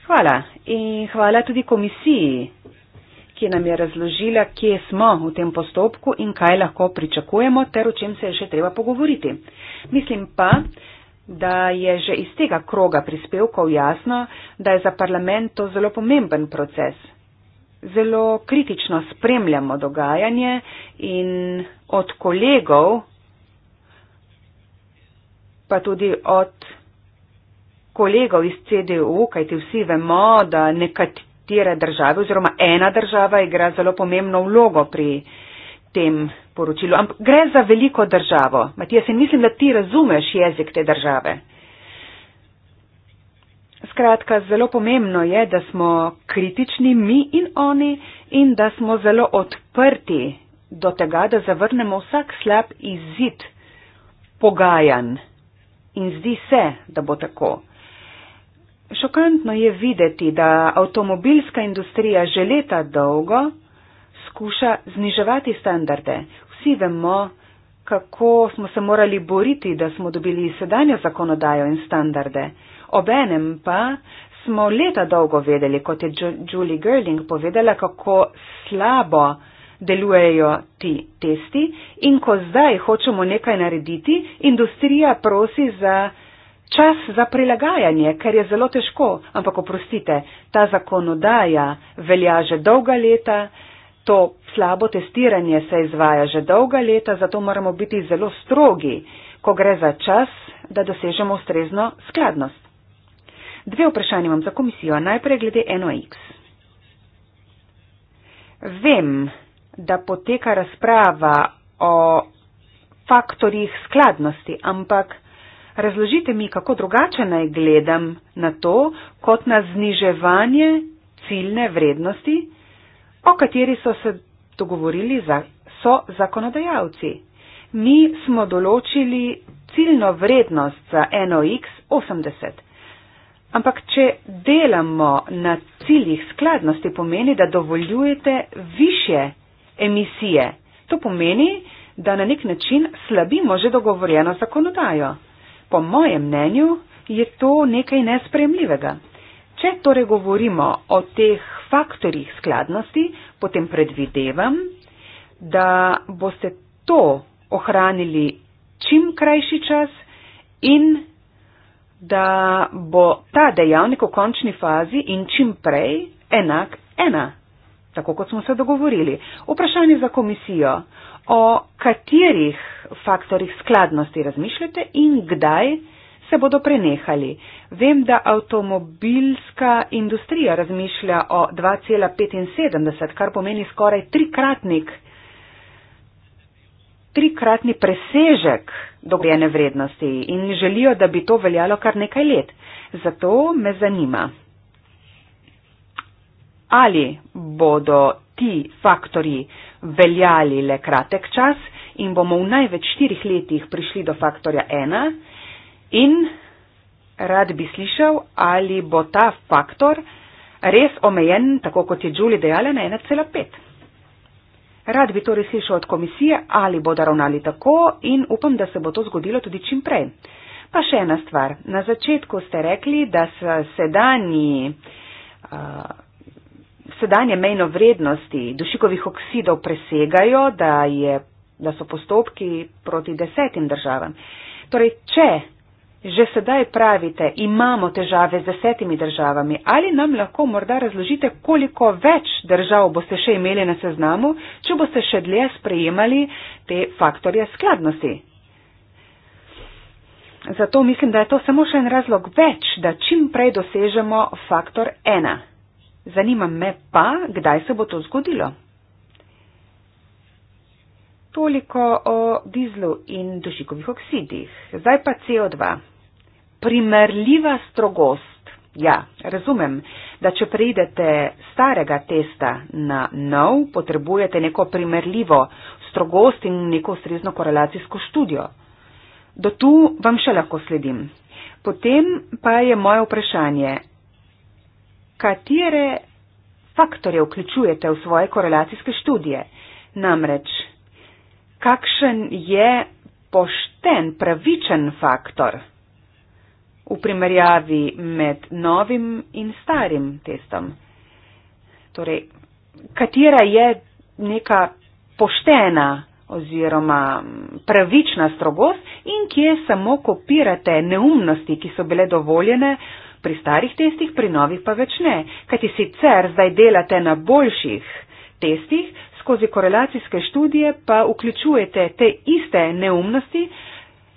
Hvala in hvala tudi komisiji, ki nam je razložila, kje smo v tem postopku in kaj lahko pričakujemo ter o čem se je še treba pogovoriti. Mislim pa, da je že iz tega kroga prispevkov jasno, da je za parlament to zelo pomemben proces. Zelo kritično spremljamo dogajanje in od kolegov pa tudi od kolegov iz CDU, kajti vsi vemo, da nekatere države oziroma ena država igra zelo pomembno vlogo pri tem poročilu. Ampak gre za veliko državo. Matija, se mislim, da ti razumeš jezik te države. Skratka, zelo pomembno je, da smo kritični mi in oni in da smo zelo odprti do tega, da zavrnemo vsak slab izid pogajanj in zdi se, da bo tako. Šokantno je videti, da avtomobilska industrija že leta dolgo skuša zniževati standarde. Vsi vemo, kako smo se morali boriti, da smo dobili sedanjo zakonodajo in standarde. Obenem pa smo leta dolgo vedeli, kot je Julie Girling povedala, kako slabo delujejo ti testi in ko zdaj hočemo nekaj narediti, industrija prosi za čas za prilagajanje, ker je zelo težko. Ampak oprostite, ta zakonodaja velja že dolga leta, to slabo testiranje se izvaja že dolga leta, zato moramo biti zelo strogi, ko gre za čas, da dosežemo ustrezno skladnost. Dve vprašanje imam za komisijo. Najprej glede NOX. Vem, da poteka razprava o faktorjih skladnosti, ampak razložite mi, kako drugače naj gledam na to, kot na zniževanje ciljne vrednosti, o kateri so se dogovorili za, so zakonodajalci. Mi smo določili ciljno vrednost za NOx 80. Ampak, če delamo na ciljih skladnosti, pomeni, da dovoljujete više emisije. To pomeni, da na nek način slabimo že dogovorjeno zakonodajo. Po mojem mnenju je to nekaj nespremljivega. Če torej govorimo o teh faktorjih skladnosti, potem predvidevam, da boste to ohranili čim krajši čas in da bo ta dejavnik v končni fazi in čim prej enak ena tako kot smo se dogovorili. Vprašanje za komisijo, o katerih faktorjih skladnosti razmišljate in kdaj se bodo prenehali. Vem, da avtomobilska industrija razmišlja o 2,75, kar pomeni skoraj trikratnik, trikratni presežek dobljene vrednosti in želijo, da bi to veljalo kar nekaj let. Zato me zanima ali bodo ti faktori veljali le kratek čas in bomo v največ štirih letih prišli do faktorja ena in rad bi slišal, ali bo ta faktor res omejen, tako kot je Julie dejala, na 1,5. Rad bi torej slišal od komisije, ali bodo ravnali tako in upam, da se bo to zgodilo tudi čim prej. Pa še ena stvar. Na začetku ste rekli, da se sedanji uh, sedanje mejno vrednosti dušikovih oksidov presegajo, da, je, da so postopki proti desetim državam. Torej, če že sedaj pravite, imamo težave z desetimi državami, ali nam lahko morda razložite, koliko več držav boste še imeli na seznamu, če boste še dlje sprejemali te faktorje skladnosti? Zato mislim, da je to samo še en razlog več, da čim prej dosežemo faktor ena. Zanima me pa, kdaj se bo to zgodilo. Toliko o dizlu in dušikovih oksidih. Zdaj pa CO2. Primerljiva strogost. Ja, razumem, da če preidete starega testa na nov, potrebujete neko primerljivo strogost in neko ustrezno korelacijsko študijo. Do tu vam še lahko sledim. Potem pa je moje vprašanje, katere faktorje vključujete v svoje korelacijske študije. Namreč, kakšen je pošten, pravičen faktor v primerjavi med novim in starim testom? Torej, katera je neka poštena oziroma pravična strogost in kje samo kopirate neumnosti, ki so bile dovoljene pri starih testih, pri novih pa več ne, kajti sicer zdaj delate na boljših testih, skozi korelacijske študije pa vključujete te iste neumnosti,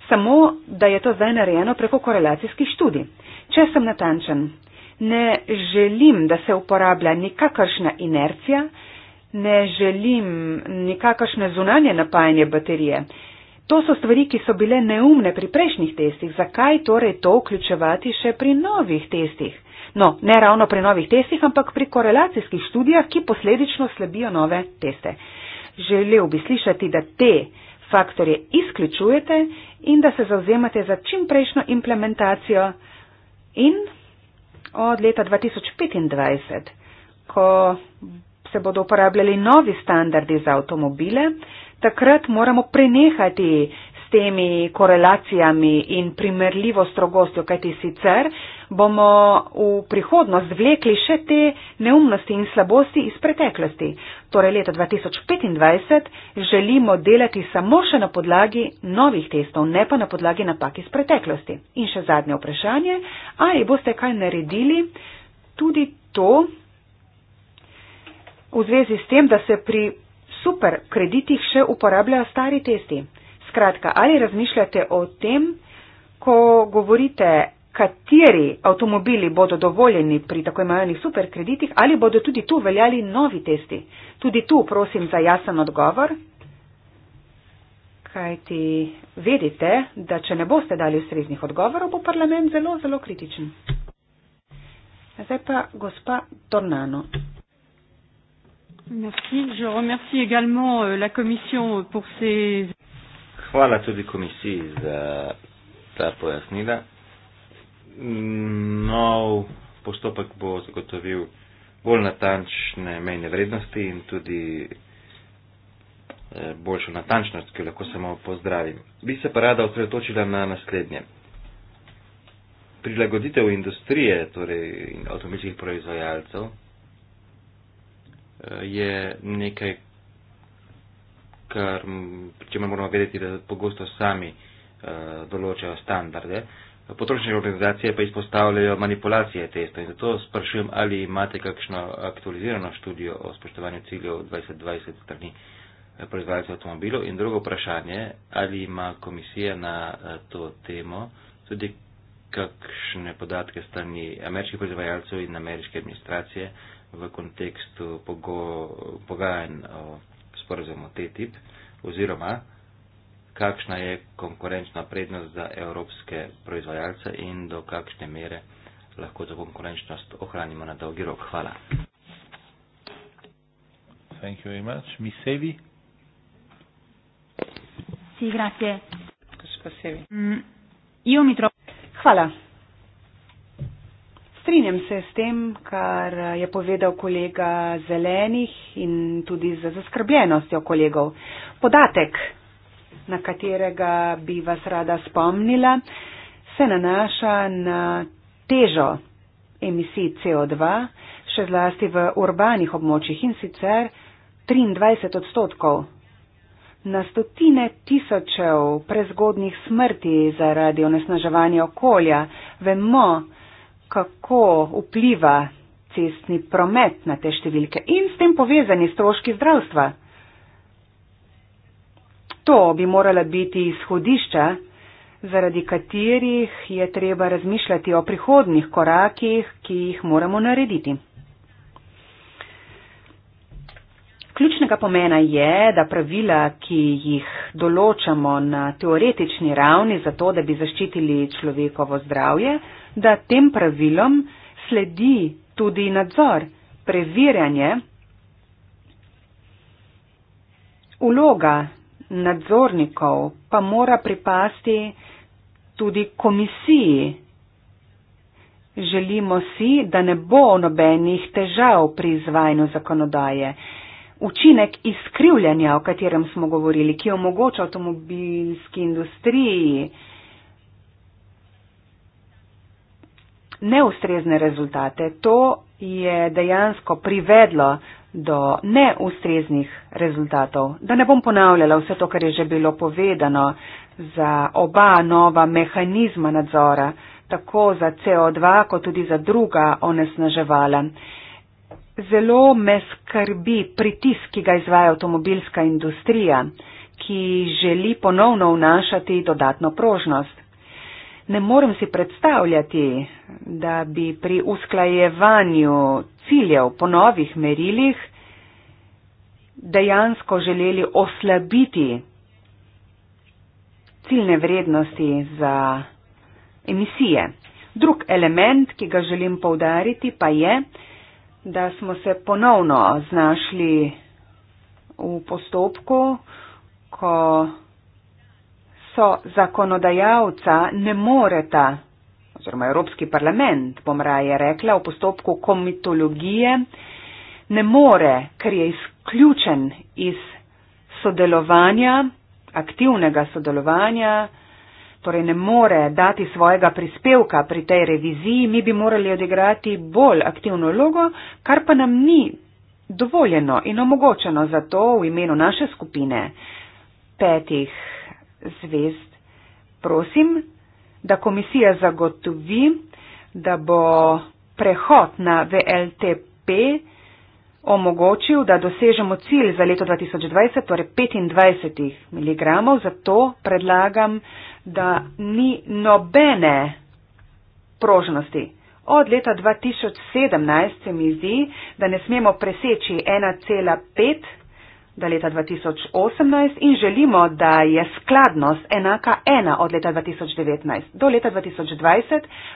samo da je to zdaj narejeno preko korelacijskih študij. Če sem natančen, ne želim, da se uporablja nikakršna inercija, ne želim nikakršne zunanje napajanje baterije. To so stvari, ki so bile neumne pri prejšnjih testih. Zakaj torej to vključevati še pri novih testih? No, ne ravno pri novih testih, ampak pri korelacijskih študijah, ki posledično slabijo nove teste. Želel bi slišati, da te faktorje izključujete in da se zauzemate za čimprejšnjo implementacijo in od leta 2025, ko se bodo uporabljali novi standardi za avtomobile, takrat moramo prenehati s temi korelacijami in primerljivo strogostjo, kajti sicer bomo v prihodnost vlekli še te neumnosti in slabosti iz preteklosti. Torej leta 2025 želimo delati samo še na podlagi novih testov, ne pa na podlagi napak iz preteklosti. In še zadnje vprašanje, ali boste kaj naredili tudi to v zvezi s tem, da se pri super, kreditih še uporabljajo stari testi. Skratka, ali razmišljate o tem, ko govorite, kateri avtomobili bodo dovoljeni pri tako imenovanih super kreditih, ali bodo tudi tu veljali novi testi? Tudi tu prosim za jasen odgovor. Kaj ti vedite, da če ne boste dali ustreznih odgovorov, bo parlament zelo, zelo kritičen. Zdaj pa gospa Tornano. Merci. Je remercie également euh, la Commission euh, pour ses. Hvala tudi komisiji za ta pojasnila. Nov postopek bo zagotovil bolj natančne mejne vrednosti in tudi eh, boljšo natančnost, ki jo lahko samo pozdravim. Bi se pa rada osredotočila na naslednje. Prilagoditev industrije, torej avtomobilskih proizvajalcev, je nekaj, kar, če moramo vedeti, da pogosto sami eh, določajo standarde. Potrošniške organizacije pa izpostavljajo manipulacije testov in zato sprašujem, ali imate kakšno aktualizirano študijo o spoštovanju ciljev 2020 strani eh, proizvajalcev avtomobilov in drugo vprašanje, ali ima komisija na eh, to temo tudi kakšne podatke strani ameriških proizvajalcev in ameriške administracije, v kontekstu pogo, pogajanj o sporozumu TTIP oziroma kakšna je konkurenčna prednost za evropske proizvajalce in do kakšne mere lahko to konkurenčnost ohranimo na dolgi rok. Hvala. Thank you very much. Mi sevi. Sì, grazie. Mm, io mi trovo. Hvala strinjam se s tem, kar je povedal kolega zelenih in tudi z zaskrbljenostjo kolegov. Podatek, na katerega bi vas rada spomnila, se nanaša na težo emisij CO2, še zlasti v urbanih območjih in sicer 23 odstotkov. Na stotine tisočev prezgodnih smrti zaradi onesnaževanja okolja vemo, kako vpliva cestni promet na te številke in s tem povezani stroški zdravstva. To bi morala biti izhodišča, zaradi katerih je treba razmišljati o prihodnih korakih, ki jih moramo narediti. Ključnega pomena je, da pravila, ki jih določamo na teoretični ravni, zato da bi zaščitili človekovo zdravje, da tem pravilom sledi tudi nadzor, preverjanje. Uloga nadzornikov pa mora pripasti tudi komisiji. Želimo si, da ne bo nobenih težav pri izvajanju zakonodaje. Učinek izkrivljanja, o katerem smo govorili, ki omogoča avtomobilski industriji, neustrezne rezultate. To je dejansko privedlo do neustreznih rezultatov. Da ne bom ponavljala vse to, kar je že bilo povedano za oba nova mehanizma nadzora, tako za CO2, kot tudi za druga onesnaževala. Zelo me skrbi pritisk, ki ga izvaja avtomobilska industrija, ki želi ponovno vnašati dodatno prožnost. Ne morem si predstavljati, da bi pri usklajevanju ciljev po novih merilih dejansko želeli oslabiti ciljne vrednosti za emisije. Drug element, ki ga želim povdariti, pa je, da smo se ponovno znašli v postopku, ko so zakonodajalca ne moreta, oziroma Evropski parlament, bom raje rekla, v postopku komitologije, ne more, ker je izključen iz sodelovanja, aktivnega sodelovanja, torej ne more dati svojega prispevka pri tej reviziji, mi bi morali odigrati bolj aktivno logo, kar pa nam ni dovoljeno in omogočeno zato v imenu naše skupine petih zvezd. Prosim, da komisija zagotovi, da bo prehod na VLTP omogočil, da dosežemo cilj za leto 2020, torej 25 mg. Zato predlagam, da ni nobene prožnosti. Od leta 2017 se mi zdi, da ne smemo preseči 1,5 mg da leta 2018 in želimo, da je skladnost enaka ena od leta 2019. Do leta 2020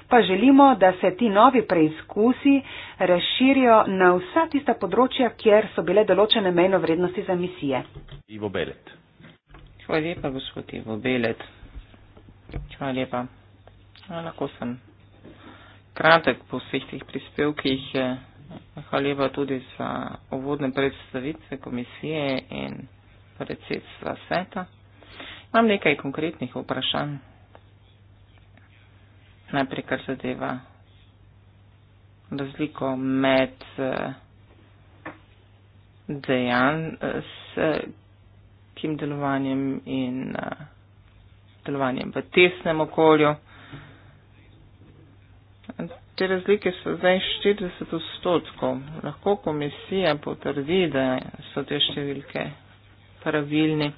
pa želimo, da se ti novi preizkusi razširijo na vsa tista področja, kjer so bile določene mejno vrednosti za misije. Ivo Belet. Hvala lepa, gospod Ivo Belet. Hvala lepa. Ja, lahko sem kratek po vseh teh prispevkih. Eh, Hvala lepa tudi za uvodne predstavitve komisije in predsedstva sveta. Imam nekaj konkretnih vprašanj. Najprej, kar zadeva razliko med eh, dejan eh, s kim delovanjem in eh, delovanjem v tesnem okolju. Te razlike so zdaj 40 odstotkov. Lahko komisija potrdi, da so te številke pravilni,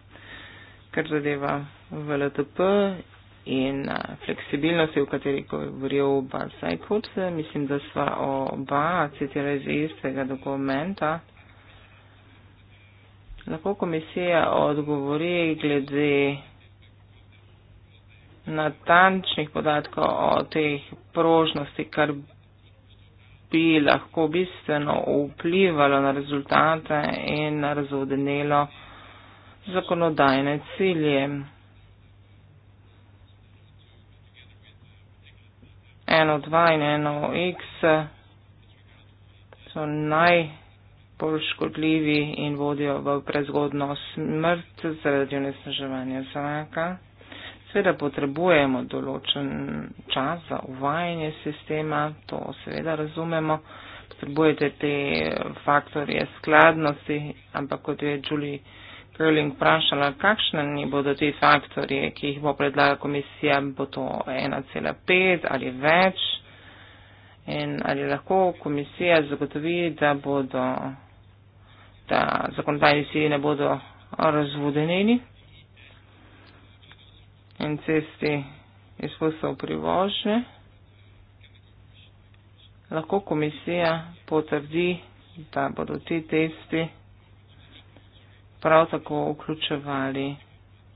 kar zadeva v LTP in fleksibilnosti, o kateri govoril oba Zajkut. Mislim, da sva oba citirala iz istega dokumenta. Lahko komisija odgovori glede natančnih podatkov o teh prožnosti, kar bi lahko bistveno vplivalo na rezultate in razvodenelo zakonodajne cilje. Eno, dva in eno, x so najbolj škodljivi in vodijo v prezgodno smrt zaradi onesnaževanja zraka. Seveda potrebujemo določen čas za uvajanje sistema, to seveda razumemo. Potrebujete te faktorje skladnosti, ampak kot je Julie Curling vprašala, kakšni bodo ti faktorje, ki jih bo predlagala komisija, bo to 1,5 ali več. In ali lahko komisija zagotovi, da bodo, da zakonodajni sili ne bodo razvodeneni, in cesti izpustov pri vožnji, lahko komisija potrdi, da bodo ti testi prav tako vključevali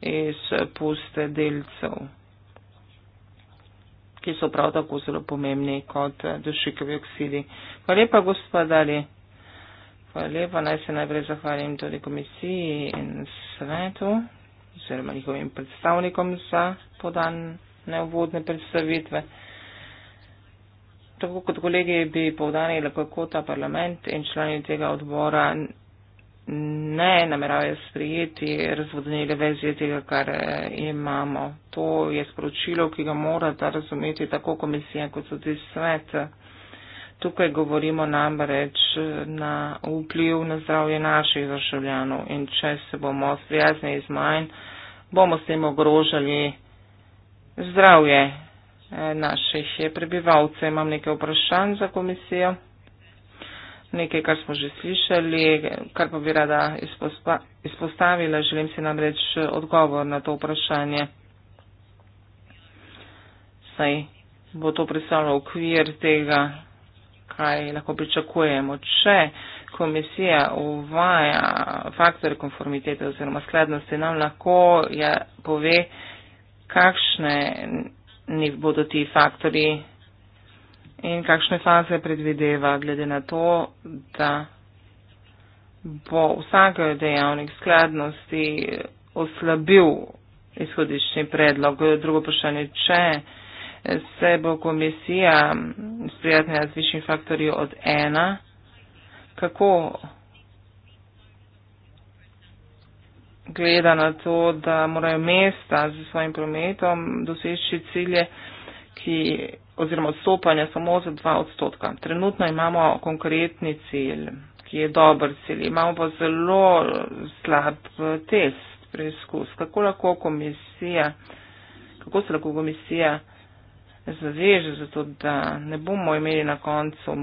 izpuste delcev ki so prav tako zelo pomembni kot dušikovi oksidi. Hvala lepa, gospodari. Hvala lepa, naj se najprej zahvalim tudi komisiji in svetu oziroma njihovim predstavnikom za podane uvodne predstavitve. Tako kot kolegi bi povdanili, kako ta parlament in člani tega odbora ne nameravajo sprijeti razvodnele vezje tega, kar eh, imamo. To je sporočilo, ki ga morata razumeti tako komisija kot tudi svet. Tukaj govorimo namreč na vpliv na zdravje naših državljanov in če se bomo sprijazni iz manj, bomo s tem ogrožali zdravje eh, naših eh, prebivalcev. Imam nekaj vprašanj za komisijo, nekaj, kar smo že slišali, kar pa bi rada izpostavila. Želim si namreč eh, odgovor na to vprašanje. Saj bo to predstavljalo okvir tega, kaj lahko pričakujemo. Če komisija uvaja faktor konformitete oziroma skladnosti, nam lahko ja, pove, kakšne bodo ti faktori in kakšne faze predvideva, glede na to, da bo vsak dejavnik skladnosti oslabil izhodišnji predlog. Drugo vprašanje, če se bo komisija sprijatnila z višjim faktorjem od ena, kako gleda na to, da morajo mesta z svojim prometom doseči cilje, ki oziroma odstopanja samo za dva odstotka. Trenutno imamo konkretni cilj, ki je dober cilj, imamo pa zelo slab test, preizkus. Kako lahko komisija, kako se lahko komisija zaveže za to, da ne bomo imeli na koncu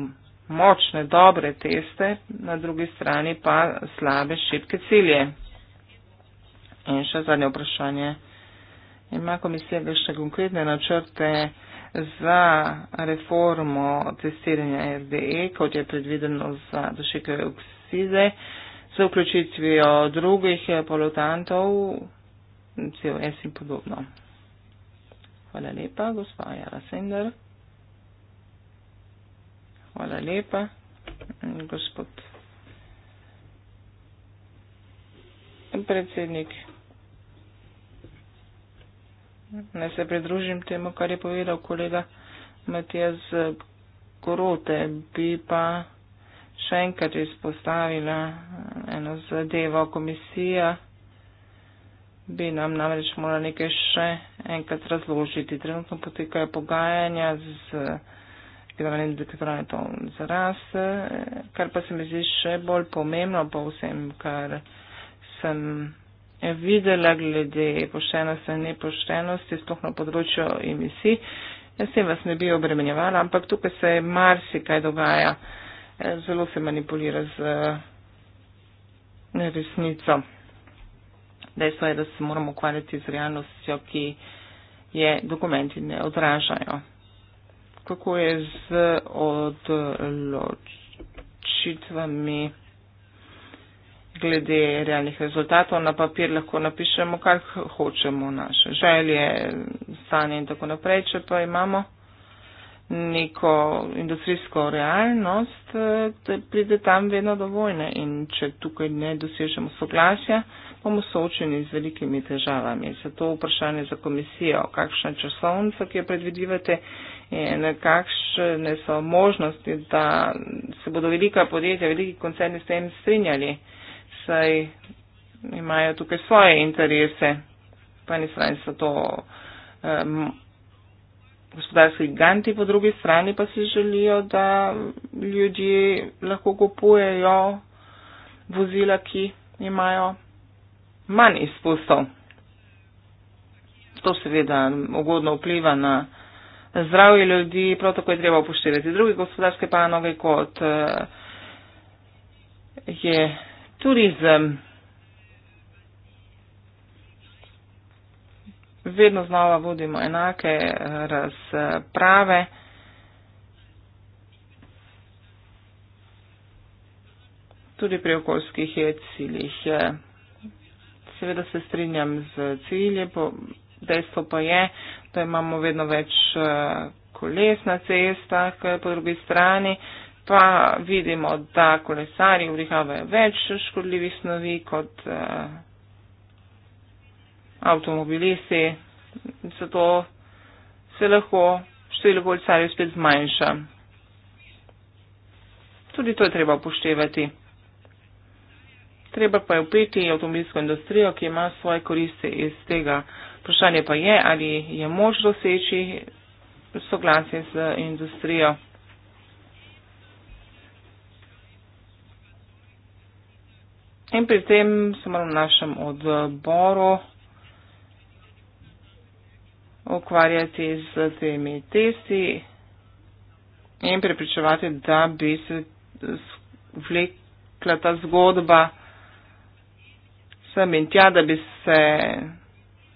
močne, dobre teste, na drugi strani pa slabe, šibke cilje. In še zadnje vprašanje. Ima komisija še konkretne načrte za reformo testiranja RDE, kot je predvideno za dušike oksize, z vključitvijo drugih polutantov, COS in podobno. Hvala lepa, gospa Jara Sender. Hvala lepa. Gospod predsednik, naj se pridružim temu, kar je povedal kolega Matijas Korote. Bi pa še enkrat izpostavila eno zadevo. Komisija bi nam namreč morala nekaj še enkrat razložiti. Trenutno potekajo pogajanja z spidovanje in dekatorane to zaraste, eh, kar pa se mi zdi še bolj pomembno po vsem, kar sem videla glede poštenosti in nepoštenosti, sploh na področju emisij. Jaz sem vas ne bi obremenjevala, ampak tukaj se marsikaj dogaja, eh, zelo se manipulira z eh, resnico. Dejstvo je, da se moramo ukvarjati z realnostjo, ki je dokumenti ne odražajo kako je z odločitvami glede realnih rezultatov. Na papir lahko napišemo, kar hočemo, naše želje, stanje in tako naprej. Če pa imamo neko industrijsko realnost, pride tam vedno do vojne in če tukaj ne dosežemo soglasja, bomo soočeni z velikimi težavami. Zato vprašanje za komisijo, kakšna časovnica, ki jo predvidivate, in kakšne so možnosti, da se bodo velika podjetja, veliki koncerni s tem strinjali, saj imajo tukaj svoje interese, pa ni sranj so to um, gospodarski giganti, po drugi strani pa si želijo, da ljudje lahko kupujejo vozila, ki imajo manj izpustov. To seveda ugodno vpliva na zdravje ljudi prav tako je treba upoštevati. Druge gospodarske panoge, kot eh, je turizem, vedno znova vodimo enake razprave. Tudi pri okoljskih ciljih. Eh, seveda se strinjam z cilje. Po dejstvo pa je, da imamo vedno več eh, koles na cestah eh, po drugi strani, pa vidimo, da kolesari vdihavajo več škodljivih snovi kot eh, avtomobilisti, zato se lahko število kolesarjev spet zmanjša. Tudi to je treba upoštevati. Treba pa je upeti avtomobilsko industrijo, ki ima svoje koristi iz tega. Uh, Vprašanje pa je, ali je moč doseči soglasje z industrijo. In pri tem smo v našem odboru ukvarjati z temi testi in prepričevati, da bi se vlekla ta zgodba sem in tja, da bi se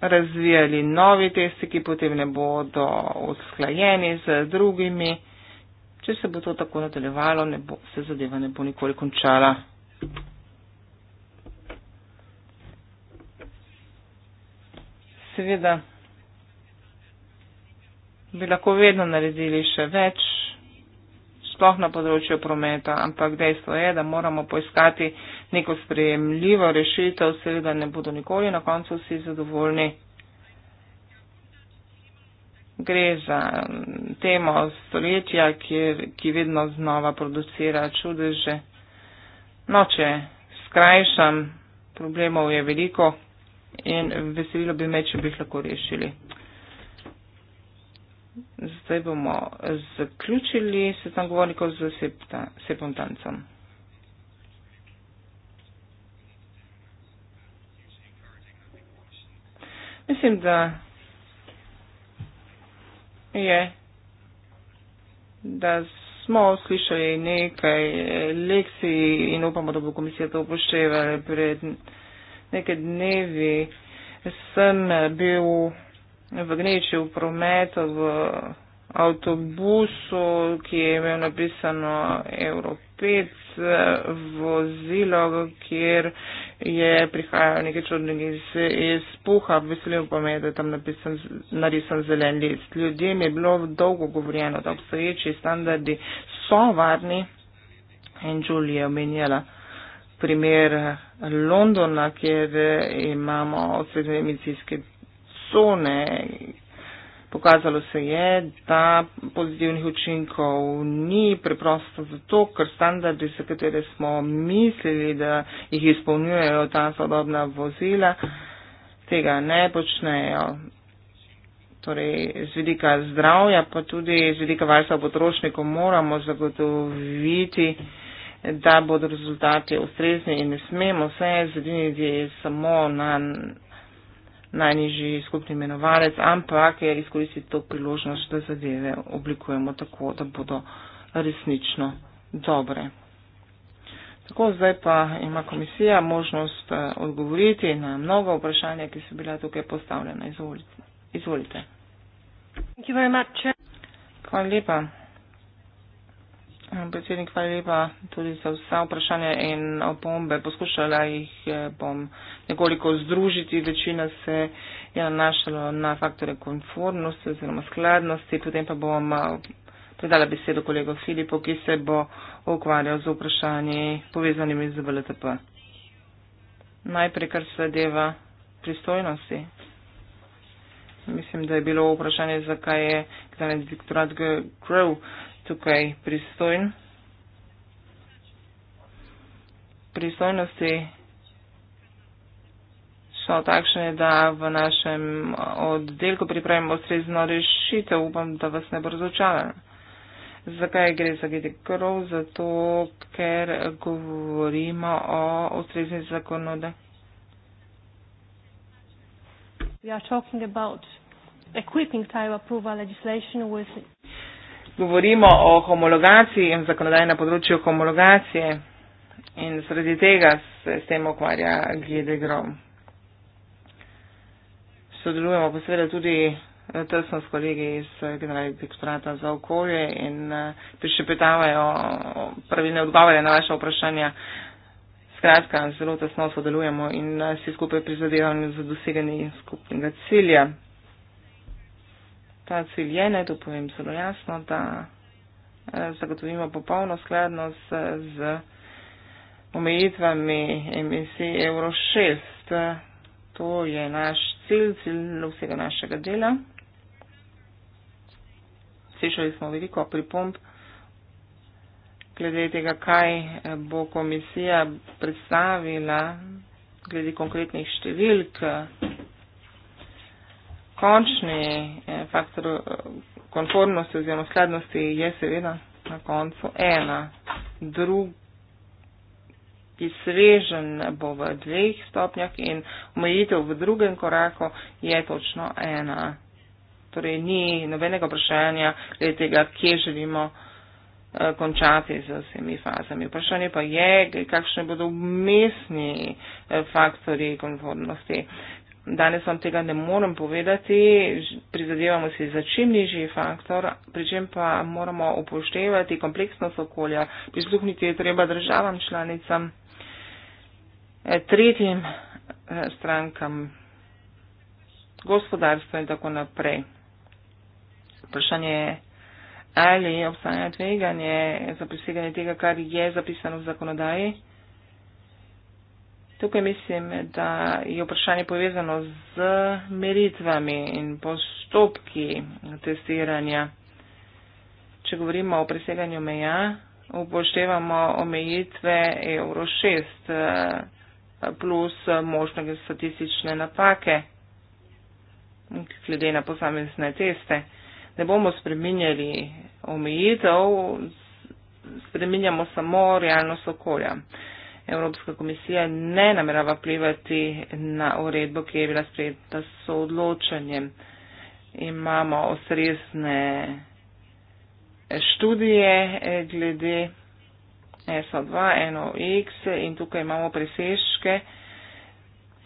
razvijali novi testi, ki potem ne bodo usklajeni z drugimi. Če se bo to tako nadaljevalo, ne bo, se zadeva ne bo nikoli končala. Seveda bi lahko vedno naredili še več, sploh na področju prometa, ampak dejstvo je, da moramo poiskati neko sprejemljivo rešitev, seveda ne bodo nikoli na koncu vsi zadovoljni. Gre za temo stoletja, ki, ki vedno znova producira čudeže. No, če skrajšam, problemov je veliko in veselilo bi me, če bi jih lahko rešili. Zdaj bomo zaključili seznam govornikov z sepom tancem. Mislim, da je, da smo slišali nekaj lekcij in upamo, da bo komisija to upoštevala pred nekaj dnevi. Sem bil v gneči v prometu, v avtobusu, ki je imel napisano Euro 5, vozilo, kjer je prihajal nekaj čudnega iz, iz puha, veselim pa me, da je tam napisan, narisan zelen list. Ljudem je bilo dolgo govorjeno, da obstoječi standardi so varni in Julie je omenjala primer Londona, kjer imamo odsedne emisijske meso. Ne. Pokazalo se je, da pozitivnih učinkov ni preprosto zato, ker standardi, za katere smo mislili, da jih izpolnjujejo ta sodobna vozila, tega ne počnejo. Torej, z vidika zdravja, pa tudi z vidika varstva potrošnikov moramo zagotoviti, da bodo rezultati ustrezni in ne smemo vse zediniti samo na najnižji skupni imenovalec, ampak je izkoristiti to priložnost, da zadeve oblikujemo tako, da bodo resnično dobre. Tako zdaj pa ima komisija možnost eh, odgovoriti na mnoga vprašanja, ki so bila tukaj postavljena. Izvolite. Hvala lepa. Eh, predsednik, hvala lepa tudi za vsa vprašanja in opombe. Poskušala jih eh, bom nekoliko združiti. Večina se je nanašala na faktore konformnosti oziroma skladnosti. Potem pa bom eh, predala besedo kolego Filipu, ki se bo ukvarjal z vprašanji povezanimi z VLTP. Najprej, kar se deva pristojnosti. Mislim, da je bilo vprašanje, zakaj je direktorat GRO tukaj pristojn. Pristojnosti so takšne, da v našem oddelku pripravimo ustrezno rešitev. Upam, da vas ne bo razočaran. Zakaj gre za GDKROV? Zato, ker govorimo o ustrezni zakonode. We are talking about equipping Taiwan approval legislation with govorimo o homologaciji in zakonodaji na področju homologacije in sredi tega se s tem ukvarja GDGROM. Sodelujemo pa seveda tudi eh, tesno s kolegi iz eh, Generalnega direktorata za okolje in eh, prišepetavajo pravilne odgovore na vaše vprašanja. Skratka, zelo tesno sodelujemo in si skupaj prizadevamo za doseganje skupnega cilja ta cilj je, naj to povem zelo jasno, da eh, zagotovimo popolno skladnost z omejitvami emisij Euro 6. To je naš cilj, cilj vsega našega dela. Slišali smo veliko pripomb glede tega, kaj eh, bo komisija predstavila glede konkretnih številk končni eh, faktor eh, konformnosti oziroma skladnosti je seveda na koncu ena. Drugi svežen bo v dveh stopnjah in omejitev v drugem koraku je točno ena. Torej ni nobenega vprašanja glede tega, kje želimo eh, končati z vsemi fazami. Vprašanje pa je, kakšne bodo umestni faktori konformnosti. Danes vam tega ne morem povedati, prizadevamo si za čim nižji faktor, pri čem pa moramo upoštevati kompleksnost okolja, prisluhniti je treba državam članicam, eh, tretjim eh, strankam, gospodarstvu in tako naprej. Vprašanje je, ali obstaja tveganje za priseganje tega, kar je zapisano v zakonodaji. Tukaj mislim, da je vprašanje povezano z meritvami in postopki testiranja. Če govorimo o preseganju meja, upoštevamo omejitve Euro 6 eh, plus možne statistične napake glede na posamezne teste. Ne bomo spreminjali omejitev, spreminjamo samo realnost okolja. Evropska komisija ne namerava plivati na uredbo, ki je bila sprejeta s odločanjem. Imamo osrezne študije eh, glede SO2, NOX in tukaj imamo presežke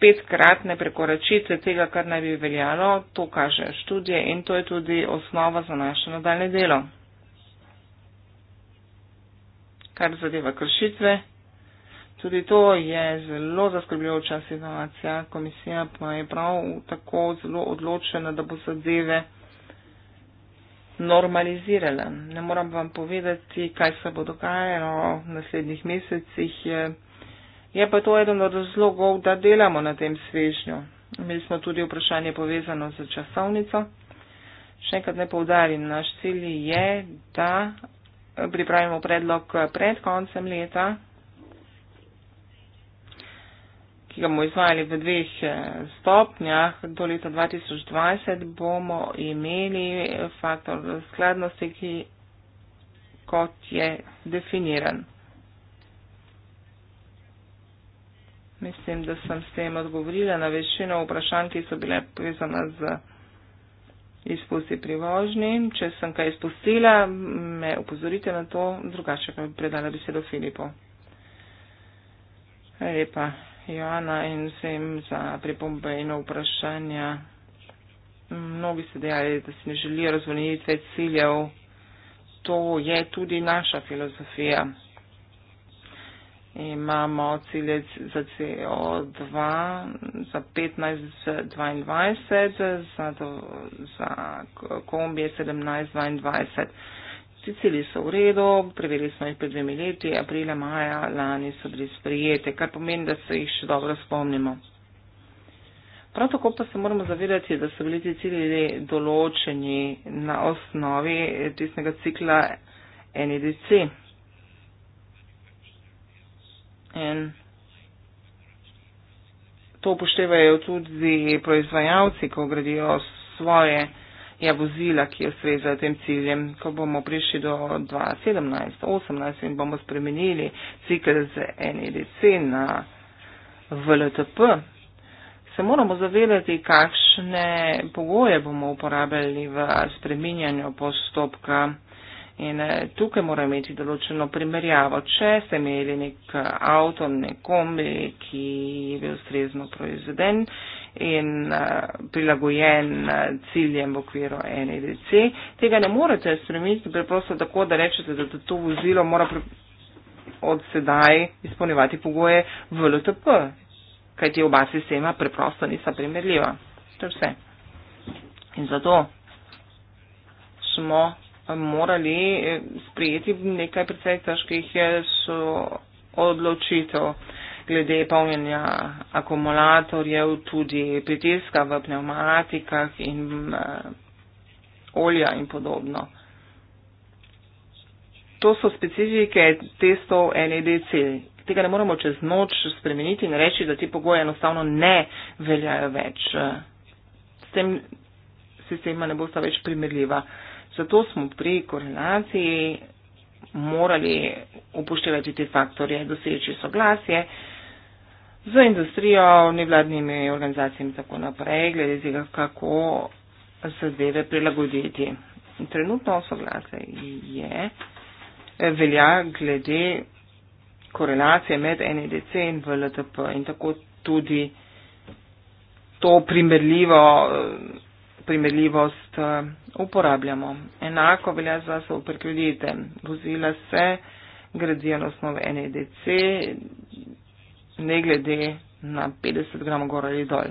petkratne prekoračitve tega, kar naj bi veljalo, to kaže študije in to je tudi osnova za naše nadaljne delo. Kar zadeva kršitve. Tudi to je zelo zaskrbljujoča situacija. Komisija pa je prav tako zelo odločena, da bo zadeve normalizirala. Ne moram vam povedati, kaj se bo dogajalo v naslednjih mesecih. Je, je pa to eden od razlogov, da delamo na tem svežnju. Imeli smo tudi vprašanje povezano z časovnico. Še enkrat ne povdarim, naš cilj je, da pripravimo predlog pred koncem leta ki ga bomo izvajali v dveh eh, stopnjah do leta 2020, bomo imeli faktor skladnosti, ki kot je definiran. Mislim, da sem s tem odgovorila na večino vprašanj, ki so bile povezane z izpusti pri vožnji. Če sem kaj izpustila, me opozorite na to, drugače pa bi predala besedo Filipu. Hvala lepa. Joana in vsem za pripombe in vprašanja. Mnogi ste dejali, da si ne želijo razvonitve ciljev. To je tudi naša filozofija. Imamo cilje za CO2 za 15-22, za, za kombije 17-22 pesticidi so v redu, preverili smo jih pred dvemi leti, aprila, maja, lani so bili sprijete, kar pomeni, da se jih še dobro spomnimo. Prav tako pa se moramo zavedati, da so bili ti cilji določeni na osnovi tistega cikla NEDC. In to upoštevajo tudi proizvajalci, ko gradijo svoje je vozila, ki ustrezajo tem ciljem. Ko bomo prišli do 2017, 2018 in bomo spremenili cikl z NEDC na VLTP, se moramo zavedati, kakšne pogoje bomo uporabljali v spreminjanju postopka. In eh, tukaj mora imeti določeno primerjavo. Če ste imeli nek avto, nek kombi, ki je bil ustrezno proizveden in uh, prilagojen uh, ciljem v okviru NEDC. Tega ne morete spremeniti preprosto tako, da rečete, da to vozilo mora od sedaj izpolnjevati pogoje VLTP, kajti oba sistema preprosto nista primerljiva. To je vse. In zato smo morali eh, sprejeti nekaj predvsej težkih odločitev glede polnjenja akumulatorjev, tudi pritiska v pneumatikah in uh, olja in podobno. To so specifike testov NEDC. Tega ne moremo čez noč spremeniti in reči, da ti pogoje enostavno ne veljajo več. S tem sistema ne bosta več primerljiva. Zato smo pri korelaciji morali upoštevati te faktorje, doseči soglasje, uh, z industrijo, nevladnimi organizacijami in tako naprej, glede tega, kako zadeve prilagoditi. Trenutno soglasje je, velja glede korelacije med NEDC in VLTP in tako tudi to primerljivo, primerljivost uporabljamo. Enako velja za superkredite. Vozila se gradijo na osnovi NEDC, ne glede na 50 gramov gor ali dol.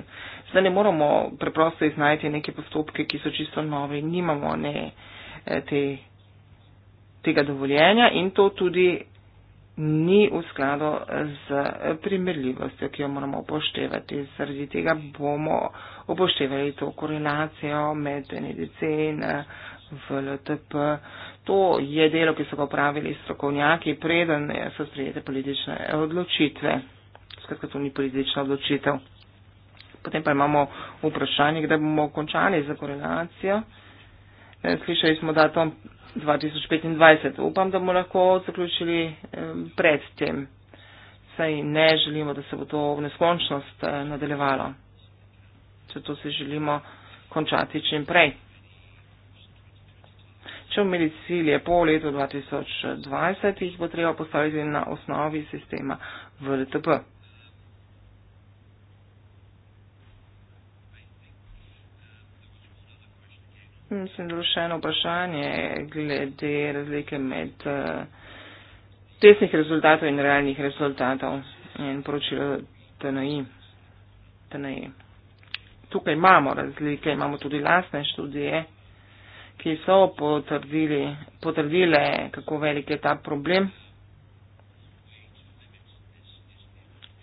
Zdaj ne moramo preprosto iznajti neke postopke, ki so čisto nove, nimamo ne, eh, te, tega dovoljenja in to tudi ni v skladu z eh, primerljivostjo, ki jo moramo upoštevati. Zaradi tega bomo upoštevali to korelacijo med NDC e in eh, VLTP. To je delo, ki so ga upravili strokovnjaki, preden so sprejete politične odločitve skratka to ni politična odločitev. Potem pa imamo vprašanje, kdaj bomo končali za korelacijo. E, slišali smo datum 2025. Upam, da bomo lahko zaključili e, pred tem. Saj ne želimo, da se bo to v neskončnost e, nadaljevalo. Zato se želimo končati čim prej. Če bomo imeli cilje po letu 2020, jih bo treba postaviti na osnovi sistema VLTP. mislim, da je še eno vprašanje glede razlike med uh, tesnih rezultatov in realnih rezultatov in poročilo TNI. TNI. E. Tukaj imamo razlike, imamo tudi lastne študije, ki so potrdile, kako velik je ta problem.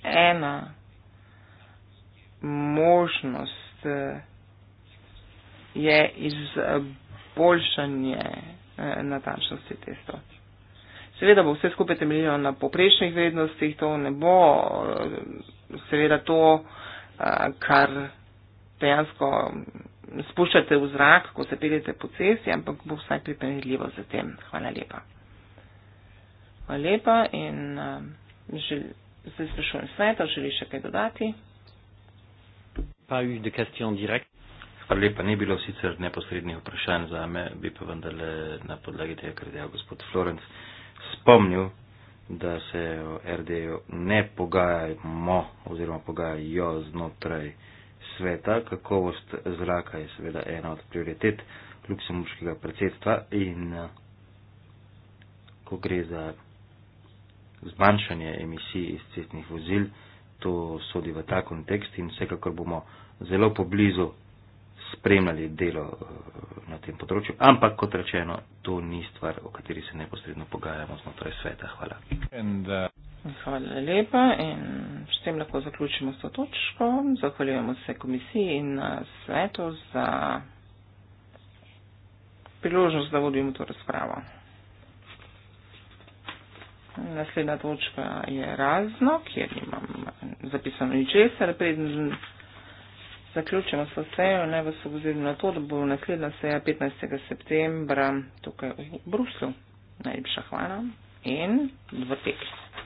Ena možnost. Uh, je izboljšanje eh, natančnosti testov. Seveda bo vse skupaj temeljilo na poprečnih vrednostih, to ne bo eh, seveda to, eh, kar dejansko spuščate v zrak, ko se peljete po cesti, ampak bo vsaj pripremljivo za tem. Hvala lepa. Hvala lepa in zdaj sprašujem sveta, želi še kaj dodati? Pa, Hvala lepa. Ni bilo sicer neposrednih vprašanj za me, bi pa vendarle na podlagi tega, kar je dejal gospod Florenc, spomnil, da se o RD-ju ne pogajamo oziroma pogajajo znotraj sveta. Kakovost zraka je seveda ena od prioritet luksemburškega predsedstva in ko gre za zmanjšanje emisij iz cestnih vozil, to sodi v ta kontekst in vsekakor bomo zelo poblizu spremljali delo eh, na tem področju. Ampak, kot rečeno, to ni stvar, o kateri se neposredno pogajamo znotraj sveta. Hvala. And, uh... Hvala lepa in s tem lahko zaključimo s to točko. Zahvaljujemo se komisiji in uh, svetu za priložnost, da vodimo to razpravo. Naslednja točka je razno, kjer imam zapisano ničesar, preden Zaključeno so sejo, naj vas obozirim na to, da bo naslednja seja 15. septembra tukaj v Bruslu. Najlepša hvala in v teki.